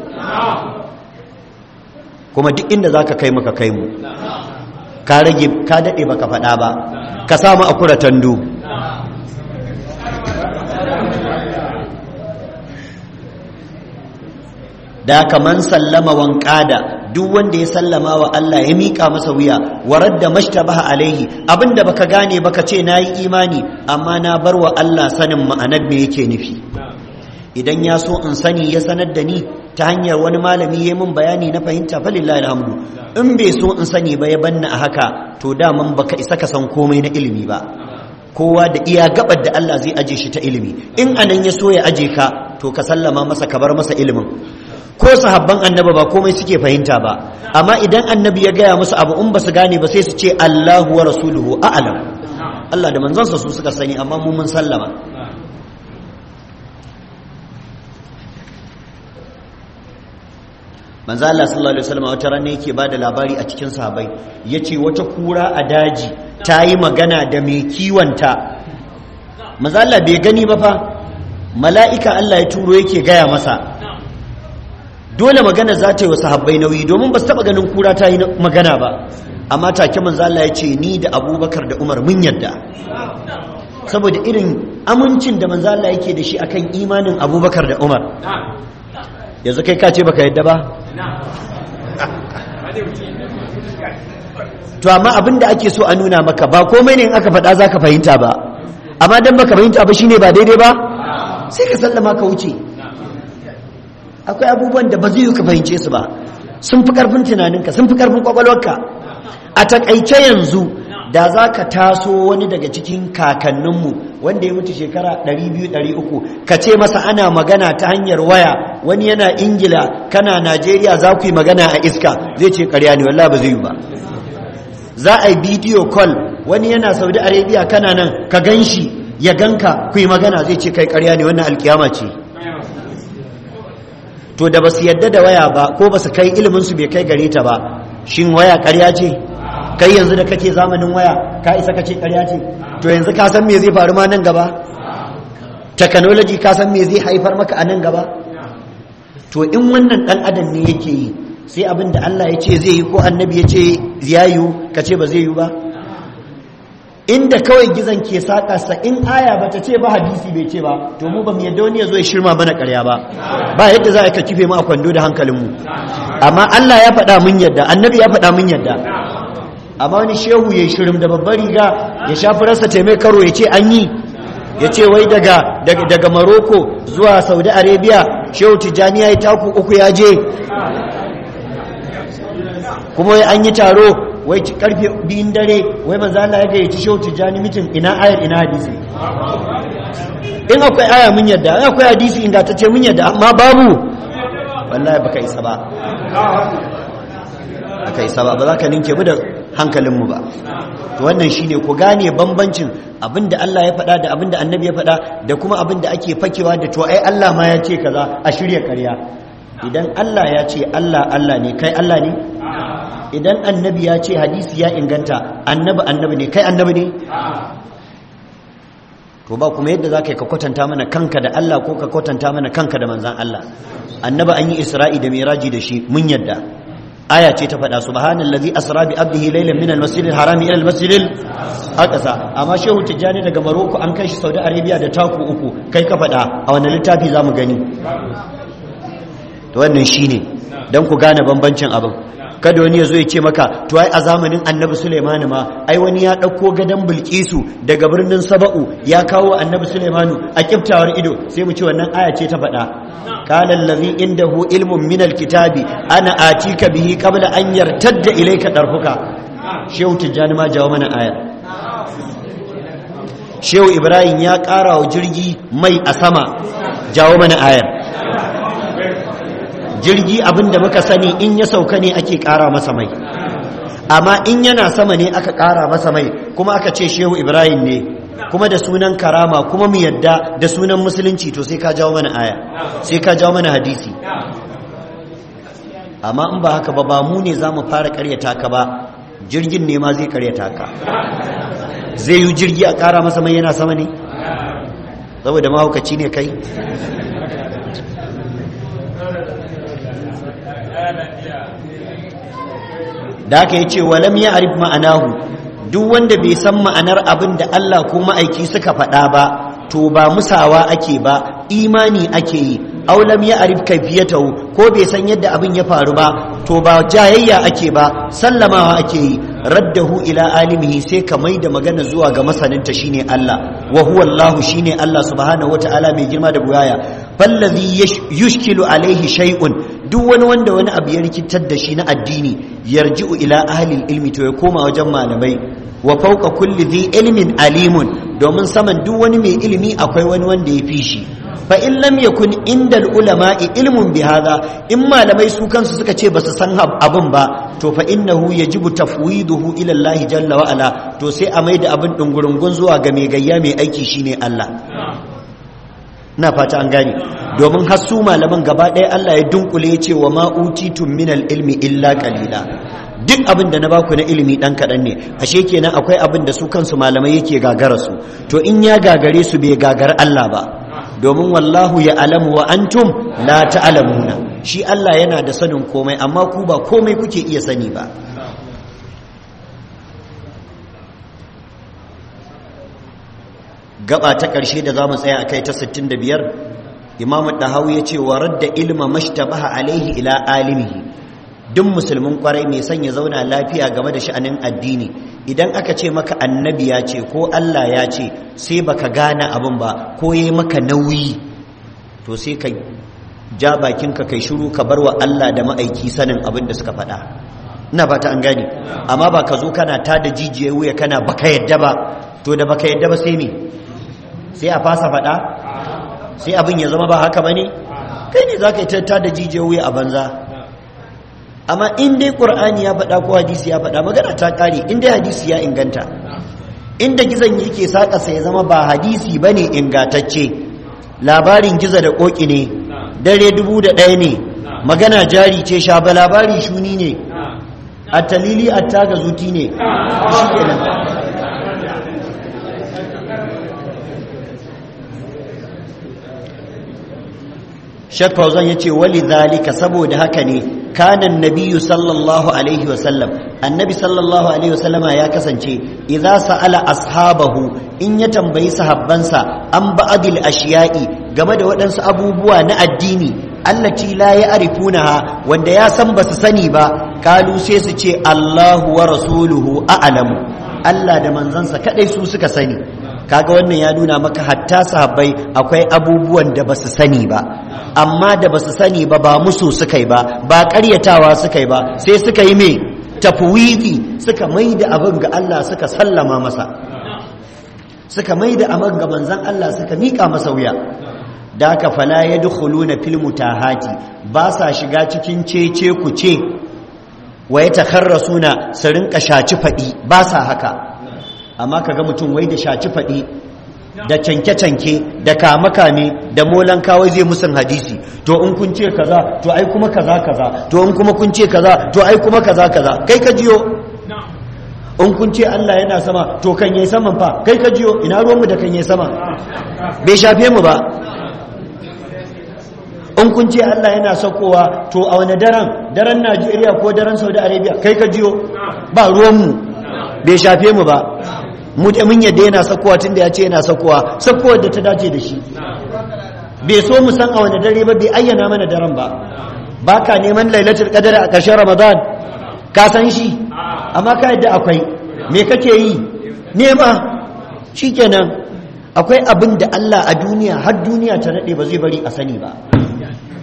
kuma duk inda za ka kai muka kai mu ka rage ka daɗe baka ka faɗa ba ka samu a kura tandu da kaman sallama wanka da. duk wanda ya sallama wa Allah ya miƙa masa wuya warar da mashtabaha alaihi abinda baka gane baka ce na yi imani amma na bar wa Allah sanin ma'anar me yake nufi idan ya so in sani ya sanar da ni ta hanyar wani malami ya min bayani na fahimta falillahi alhamdu in bai so in sani ba ya banna a haka to daman baka isa ka san komai na ilimi ba kowa da iya gabar da Allah zai aje shi ta ilimi in anan ya so ya aje ka to ka sallama masa ka bar masa ilimin ko sahabban annabi ba komai suke fahimta ba amma idan annabi ya gaya musu abu in ba su gane ba sai su ce Allahu wa rasuluhu a'lam Allah da manzansa su suka sani amma mu mun sallama manzo Allah sallallahu alaihi wasallam wata rana yake bada labari a cikin sahabbai yace wata kura a daji ta yi magana da mai kiwonta manzo Allah bai gani ba fa mala'ika Allah ya turo yake gaya masa dole magana za ta yi wasu habbai nauyi domin ba su taɓa ganin kura ta yi magana ba amma take manzo Allah ya ce ni da Abubakar da Umar mun yadda saboda irin amincin da manzo yake da shi akan imanin Abubakar da Umar yanzu kai ka ce baka yadda ba to amma abin da ake so a nuna maka ba komai ne in aka faɗa za ka fahimta ba amma dan baka fahimta ba shine ba daidai ba sai ka sallama ka wuce akwai abubuwan da ba zai ka fahimce su ba sun fi karfin tunaninka sun fi karfin kwakwalwarka a takaice yanzu da za ka taso wani daga cikin kakanninmu wanda ya mutu shekara 200-300 ka ce masa ana magana ta hanyar waya wani yana ingila kana najeriya za ku yi magana a iska zai ce karya ne wallah ba zai yi ba za a yi bidiyo call wani yana saudi arabia kana nan ka gan shi ya ganka ku yi magana zai ce kai karya ne wannan alkiyama ce to da basu yadda da waya ba ko basu kai ilimin su bai kai gare ta ba shin waya karya ce kai yanzu da kake zamanin waya ka isa kace karya ce to yanzu ka san me zai faru ma nan gaba technology ka san me zai haifar maka a nan gaba to in wannan dan adam ne yake yi sai abin da Allah ya ce zai yi ko annabi ya ce ya yi ka ce ba zai yi ba inda kawai gizan ke saƙa sa in aya ba ta ce ba hadisi bai ce ba to mu ba mu yadda wani ya zo ya shirma bana ƙarya ba ba yadda za a ka kife mu a kwando da hankalinmu amma Allah ya faɗa mun yadda annabi ya faɗa mun yadda amma wani shehu ya shirin da babbar riga ya shafi rasa taimai karo ya ce an yi ya ce wai daga daga maroko zuwa saudi arabia shehu tijjani ya taku uku ya je kuma an yi taro wai ci karfe biyun dare wai manzo Allah ya ci shehu jani mitin ina ayar ina hadisi in akwai aya mun yadda in akwai hadisi ce mun yadda amma babu wallahi baka isa ba baka isa ba ba za ka ninke mu da hankalinmu ba to wannan shine ku gane bambancin abinda Allah ya faɗa da abinda annabi ya faɗa da kuma abinda ake fakewa da to ai Allah ma ya ce kaza a shirya ƙarya idan Allah ya ce Allah Allah ne kai Allah ne idan annabi ya ce hadisi ya inganta annabi annabi ne kai annabi ne to ba kuma yadda za ka kwatanta mana kanka da Allah ko ka kwatanta mana kanka da manzan Allah annabi an yi isra'i da miraji da shi mun yadda aya ce ta faɗa subhanallazi asra bi abdihi laylan min al-masjidil harami ila al aqsa amma shehu tijani daga maroko an kai shi saudi arabia da taku uku kai ka faɗa a wannan littafi zamu gani to wannan shine dan ku gane bambancin abin kada wani yazo ya ce maka to ai a zamanin annabi Suleimanu ma ai wani ya ɗauko gadon bilkisu daga birnin saba'u ya kawo annabi sulaimanu a kiftawar ido sai mu ce wannan aya ce ta faɗa qala allazi hu ilmin min kitabi ana atika bihi qabla an yartadda ilayka ɗarfuka. shehu tijjani ma jawo mana aya shehu ibrahim ya ƙara jirgi mai a sama jawo mana ayar jirgi abin da muka sani in ya sauka ne ake ƙara masa mai amma in yana sama ne aka ƙara masa mai kuma aka ce shehu ibrahim ne kuma da sunan karama kuma mu yadda da sunan musulunci to sai ka jawo mana aya sai ka jawo mana hadisi amma in ba haka ba ba mu ne za mu fara karyata ka ba jirgin ne ma zai karyata ka zai yi jirgi a ƙara masa mai yana sama ne saboda mahaukaci ne kai da aka haka yace walam arif ma'anahu duk wanda bai san ma'anar abin da Allah ko ma'aiki suka faɗa ba to ba musawa ake ba imani ake yi aulam ya arif kaifiyatahu ko bai san yadda abin ya faru ba to ba jayayya ake ba sallamawa ake yi raddahu ila alimihi sai ka mai da magana zuwa ga masaninta shine Allah wa huwa Allah shine Allah subhanahu wataala mai girma da buyaya fallazi yushkilu alaihi shay'un duk wani wanda wani abu ya rikitar da shi na addini yarji'u ila ahalin ilmi to ya koma wajen malamai wa fawqa kulli dhi ilmin alimun domin saman duk wani mai ilimi akwai wani wanda ya fi shi fa in lam yakun indal ulama ilmun bi in malamai su kansu suka ce basu san abin ba to fa innahu yajibu tafwiduhu ila Allah jalla wa to sai a maida abin dungurungun zuwa ga mai gayya mai aiki shine Allah na fata an gane domin hasu malaman gaba ɗaya Allah ya dunkule ya ce wa tun minal ilmi illa kalila duk abin da na baku na ilimi ɗan kaɗan ne ashe kenan akwai abin da su kansu malamai yake gagara su to in ya gagare su bai gagar Allah ba domin wallahu ya alamu wa antum la ta'lamuna shi Allah yana da sanin komai amma ku ba komai kuke iya sani ba gaba ta ƙarshe da za mu tsaya a kai ta 65 imamu da Ha'u ya ce warar da ilma baha alaihi ila alimihi duk musulmin kwarai mai son ya zauna lafiya game da sha'anin addini idan aka ce maka annabi ya ce ko Allah ya ce sai baka gane abin ba ko yi maka nauyi to sai ka ja bakinka kai shiru ka bar wa Allah da ma'aiki sanin abin da suka faɗa ina ta an gane amma ba ka zo kana tada jijiyar wuya kana baka yadda ba to da baka yadda ba sai ne. sai a fasa faɗa sai abin ya zama ba haka ba kai ne zaka ka yi tatta da jijiyoyi a banza amma in dai ƙur'ani ya faɗa ko hadisi ya faɗa magana ta kare in dai hadisi ya inganta inda gizon yake saka saƙasa ya zama ba hadisi ba ingatacce labarin gizo da ƙoƙi ne dare dubu da ɗaya ne magana jari ce sha ba labari shuni ne a talili a taga zuti ne shek ya ce wali zalika saboda haka ne kanan nabiyu sallallahu alaihi wasallam annabi sallallahu alaihi wasallama ya kasance idza sa'ala ashabahu in ya tambayi sahabbansa an ba'adil ashiya'i game da waɗansu abubuwa na addini allati la ya'rifunaha wanda ya san basu sani ba kalu sai su ce Allahu wa rasuluhu a'lamu Allah da manzansa kadai su suka sani kaga wannan ya nuna maka hatta sahabbai akwai abubuwan da basu sani ba amma da basu sani ba ba musu suka yi ba ba ƙaryatawa suka yi ba sai suka yi me tafwidi suka mai da abin ga Allah suka sallama masa suka mai da abin ga manzon Allah suka mika masa wuya da ka fala yadkhuluna fil mutahati ba sa shiga cikin cece ku ce wa yatakharrasuna su rinka shaci fadi ba sa haka amma kaga mutum wai da shaci faɗi da canke-canke da kame-kame da molan kawai zai musan hadisi to in kun ce kaza to ai kuma kaza kaza to in kuma kun ce kaza to ai kuma kaza kaza kai ka jiyo in kun ce Allah yana sama to kan yi saman fa kai ka jiyo ina ruwanmu da kan yi sama bai shafe mu ba in kun ce Allah yana saukowa to a wani daren daren Najeriya ko daren Saudi Arabia kai ka jiyo ba ruwanmu bai shafe mu ba mu da mun yadda yana sakowa da ya ce yana sakowa sakowar da ta dace da shi bai so mu san a wani dare ba bai ayyana mana daren ba ba ka neman lailatul qadar a ƙarshen ramadan ka san shi amma ka yadda akwai me kake yi nema shikenan akwai abin da Allah a duniya har duniya ta nade ba zai bari a sani ba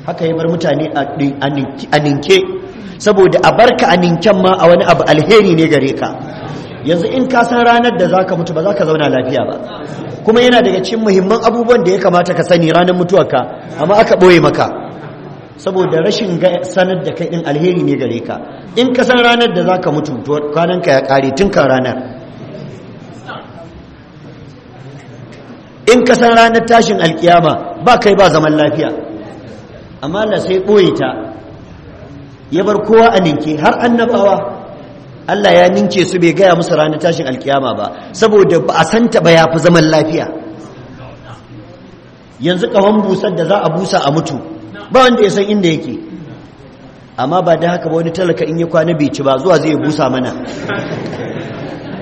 haka ya bar mutane a ninke saboda a barka a ninken ma a wani abu alheri ne gare ka yanzu in ka san ranar da zaka mutu ba za ka zauna lafiya ba kuma yana daga cikin muhimman abubuwan da ya kamata ka sani ranar mutuwarka amma aka ɓoye maka saboda rashin sanar da kai ɗin alheri ne gare ka in ka san ranar da za ka mutu kwananka ya kare tun kan ranar in ka san ranar tashin alkiyama ba kai ba zaman lafiya amma na sai ɓoye ta ya bar kowa a ninke har annabawa Allah ya ninke su bai gaya musu ranar tashin alkiyama ba saboda ba a santa ba ya fi zaman lafiya yanzu kawon busar da za a busa a mutu ba wanda ya san inda yake amma ba da haka ba wani talaka in ya kwana bai ci ba zuwa zai busa mana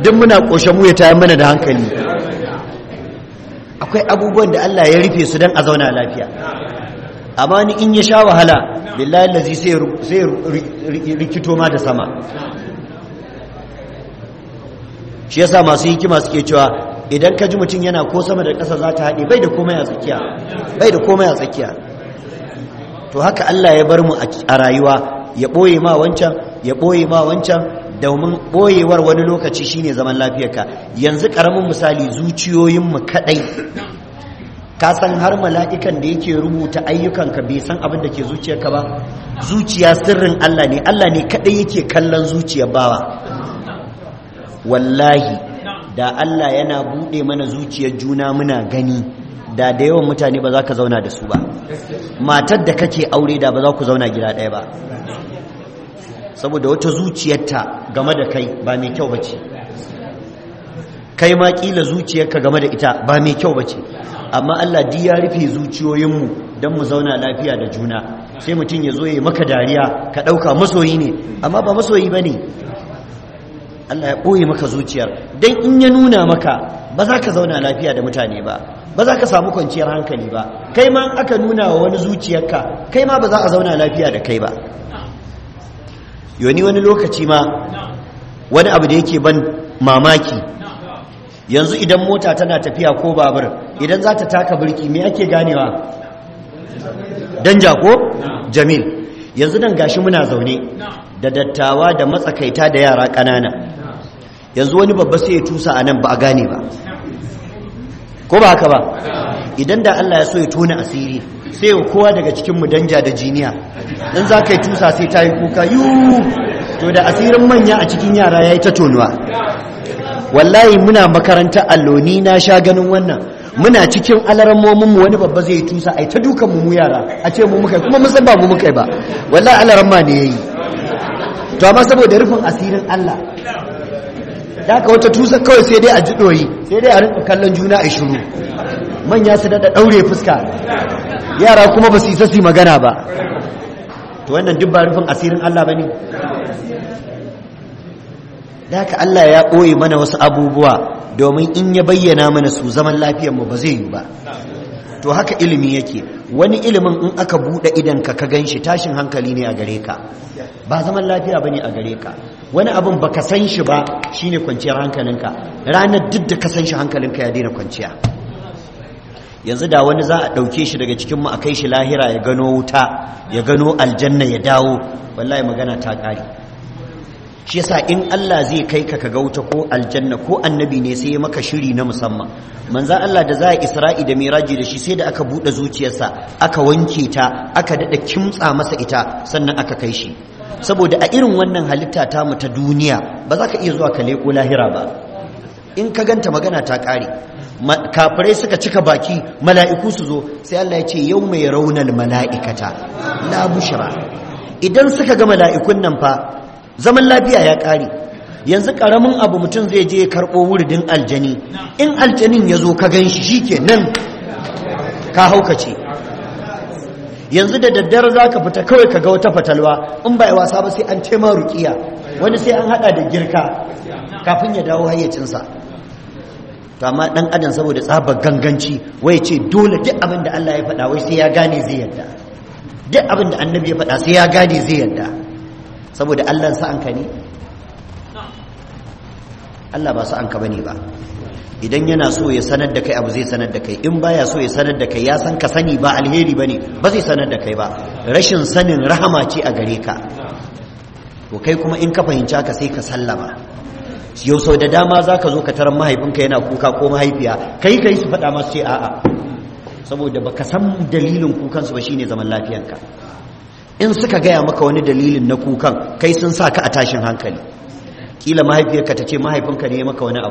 Don muna ƙoshe mu ya tayar mana da hankali akwai abubuwan da Allah ya rufe su don a zauna lafiya amma ni in ya sha wahala billahi lazi sai rikito ma da sama shi yasa masu hikima suke cewa idan ka ji mutum yana ko sama da ƙasa za ta haɗe bai da komai a tsakiya bai da komai a tsakiya to haka Allah ya bar mu a rayuwa ya ɓoye ma wancan ya ɓoye ma wancan domin ɓoyewar wani lokaci shine zaman lafiyarka yanzu ƙaramin misali zuciyoyinmu kaɗai ka san har mala'ikan da yake rubuta ayyukanka bai san abin da ke zuciyarka ba zuciya sirrin Allah ne Allah ne kaɗai yake kallon zuciyar bawa wallahi da Allah yana buɗe mana zuciyar juna muna gani da da yawan mutane ba za ka zauna da su ba matar da kake aure da ba za ku zauna gida ɗaya ba saboda wata zuciyarta game da kai ba mai kyau bace, kai ma kila zuciyarka game da ita ba mai kyau bace. amma Allah di ya rufe zuciyoyinmu don mu zauna lafiya da juna sai mutum ya zo ya maka dariya ka ɗauka masoyi ne amma ba masoyi ba ne Allah ya ɓoye maka zuciyar don in ya nuna maka ba za ka zauna lafiya da mutane ba ba za ka samu kwanciyar hankali ba kai ma aka nuna wa wani zuciyar ka kai ma ba za a zauna lafiya da kai ba yoni wani lokaci ma wani abu da yake ban mamaki yanzu idan mota tana tafiya ko babur idan za ta taka birki me ake ganewa Don Jako, jamil yanzu nan gashi muna zaune da dattawa da matsakaita da yara ƙanana yanzu wani babba sai ya tusa anan ba a gane ba ko ba haka ba idan da Allah ya so ya tona asiri sai ya kowa daga cikin mu danja da jiniya dan za ka yi tusa sai ta yi kuka yu to da asirin manya a cikin yara ya yi ta tonuwa wallahi muna makaranta alloni na sha ganin wannan muna cikin mu wani babba zai tusa ai ta dukan mu yara a ce mu muka kuma mun ba mu muka ba wallahi alaramma ne yayi to amma saboda rufin asirin Allah da aka wata tusa kawai sai dai a ji ɗoyi sai dai a rinka kallon juna a shiru manya su daɗa ɗaure fuska yara kuma ba su isa su magana ba to wannan duk ba rufin asirin Allah ba ne da Allah ya ɓoye mana wasu abubuwa domin in ya bayyana mana su zaman mu ba zai yi ba to haka ilimi yake wani ilimin in aka buɗe idanka ka gan shi tashin hankali ne a gare ka ba zaman lafiya ba ne a gare ka wani abin ba ka san shi ba shi ne kwanciyar hankalinka ranar duk da ka san shi hankalinka ya daina kwanciya yanzu da wani za a ɗauke shi daga cikinmu a kai shi lahira ya gano wuta ya gano aljanna ya dawo wallahi magana ta ƙari. shi yasa in Allah zai kai ka kaga wuta ko aljanna ko annabi ne sai ya maka shiri na musamman manzan Allah da za a isra'i da miraji da shi sai da aka buɗe zuciyarsa aka wanke ta aka daɗa kimtsa masa ita sannan aka kai shi saboda a irin wannan halitta ta mu ta duniya ba za ka iya zuwa ka leko lahira ba in ka ganta magana ta kare kafirai suka cika baki mala'iku su zo sai Allah ya ce yau mai raunar mala'ikata la bushra idan suka ga mala'ikun nan fa zaman lafiya ya ƙare yanzu ƙaramin abu mutum zai je karɓo wuridin aljani in aljanin ya zo ka gan shi shike nan ka haukace yanzu da daddare za ka fita kawai ka ga wata fatalwa in ba ya wasa ba sai an ce ma rukiya wani sai an haɗa da girka kafin ya dawo hayyacinsa to amma ɗan adam saboda tsabar ganganci wai ce dole duk abin da Allah ya faɗa wai sai ya gane zai yadda duk abin da annabi ya faɗa sai ya gane zai yadda. saboda Allah an ka ne Allah ba an ka bane ba idan yana so ya sanar da kai abu zai sanar da kai in baya so ya sanar da kai ya san ka sani ba alheri bane ba zai sanar da kai ba rashin sanin rahama ce a gare ka to kai kuma in ka fahimci ka sai ka sallama yau sau da dama za ka zo ka tarar mahaifinka yana kuka ko mahaifiya kai kai su faɗa masu ce a'a saboda ba ka san dalilin kukansu ba shine zaman lafiyanka in suka gaya maka wani dalilin na kukan kai sun sa ka a tashin hankali kila mahaifiyarka ta ce mahaifinka ne ya maka wani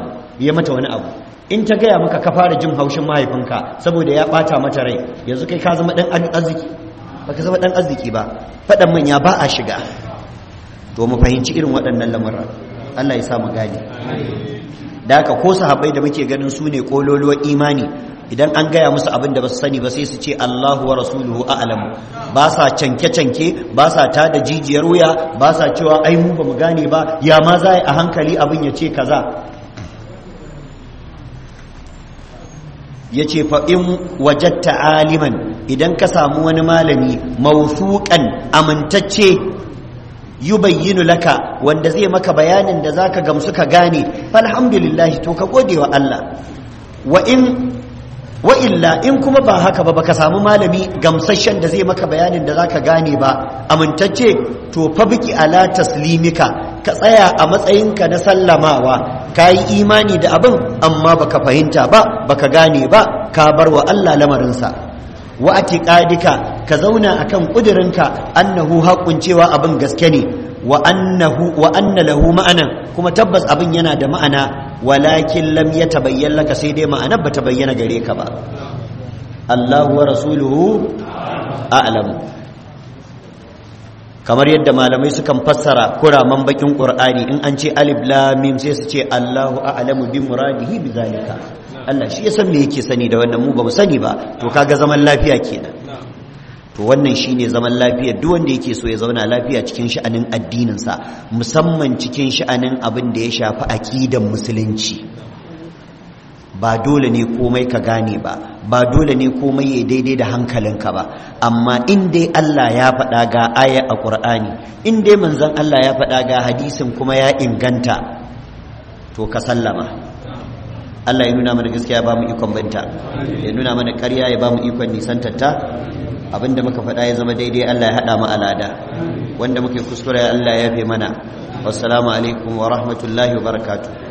mata wani abu in ta gaya maka ka fara jin haushin mahaifinka saboda ya bata mata rai yanzu kai ka zama dan arziki Ba ka zama dan arziki ba fadan manya ba a shiga to mu fahimci irin waɗannan lamarin Allah ya sa mu gane da haka ko sahabbai da muke ganin su ne kololuwar imani idan an gaya musu abin da ba su sani ba sai su ce Allahu wa rasuluhu a'lamu ba sa canke-canke ba sa ta da jijiyar wuya ba sa cewa ai mu ba mu gane ba ya ma za a hankali abin ya ce kaza ya ce in wajatta aliman idan ka samu wani malami mausukan amintacce yubayyinu laka wanda zai maka bayanin da zaka gamsu ka gane alhamdulillah, to ka gode wa Allah wa in wa illa in kuma ba haka ba baka samu malami gamsasshen da zai maka bayanin da zaka gane ba amintacce to fa biki ala taslimika ka tsaya a matsayinka na sallamawa ka yi imani da abin amma baka fahimta ba baka gane ba ka bar wa Allah lamarinsa wa atiqadika ka zauna akan kudirinka annahu haqqun cewa abin gaske ne wa annahu wa anna lahu ma'ana kuma tabbas abin yana da ma'ana walakin lam bayyana laka sai dai ma'anar bata bayyana gare ka ba Allahu wa rasuluhu a'lamu kamar yadda malamai sukan fassara kuraman bakin qur'ani in an ce alif lam mim sai su ce Allahu a'lamu bi muradihi bi zalika Allah shi ya san me yake sani da wannan mu ba mu sani ba to kaga zaman lafiya kenan to wannan shine zaman lafiya duk wanda yake so ya zauna lafiya cikin sha'anin addinin sa musamman cikin sha'anin abin da ya shafi aqidan musulunci ba dole ne komai ka gane ba ba dole ne komai ya daidai da hankalinka ba amma in dai Allah ya faɗa ga aya a ƙur'ani in dai manzon Allah ya faɗa ga hadisin kuma ya inganta to ka sallama Allah ya nuna mana gaskiya ba mu ikon binta ya nuna mana ƙarya ya ba mu ikon nisantarta abinda muka faɗa ya zama daidai Allah ya haɗa mu alada wanda muke kuskure Allah ya yafe mana wassalamu alaikum wa rahmatullahi wa barakatuh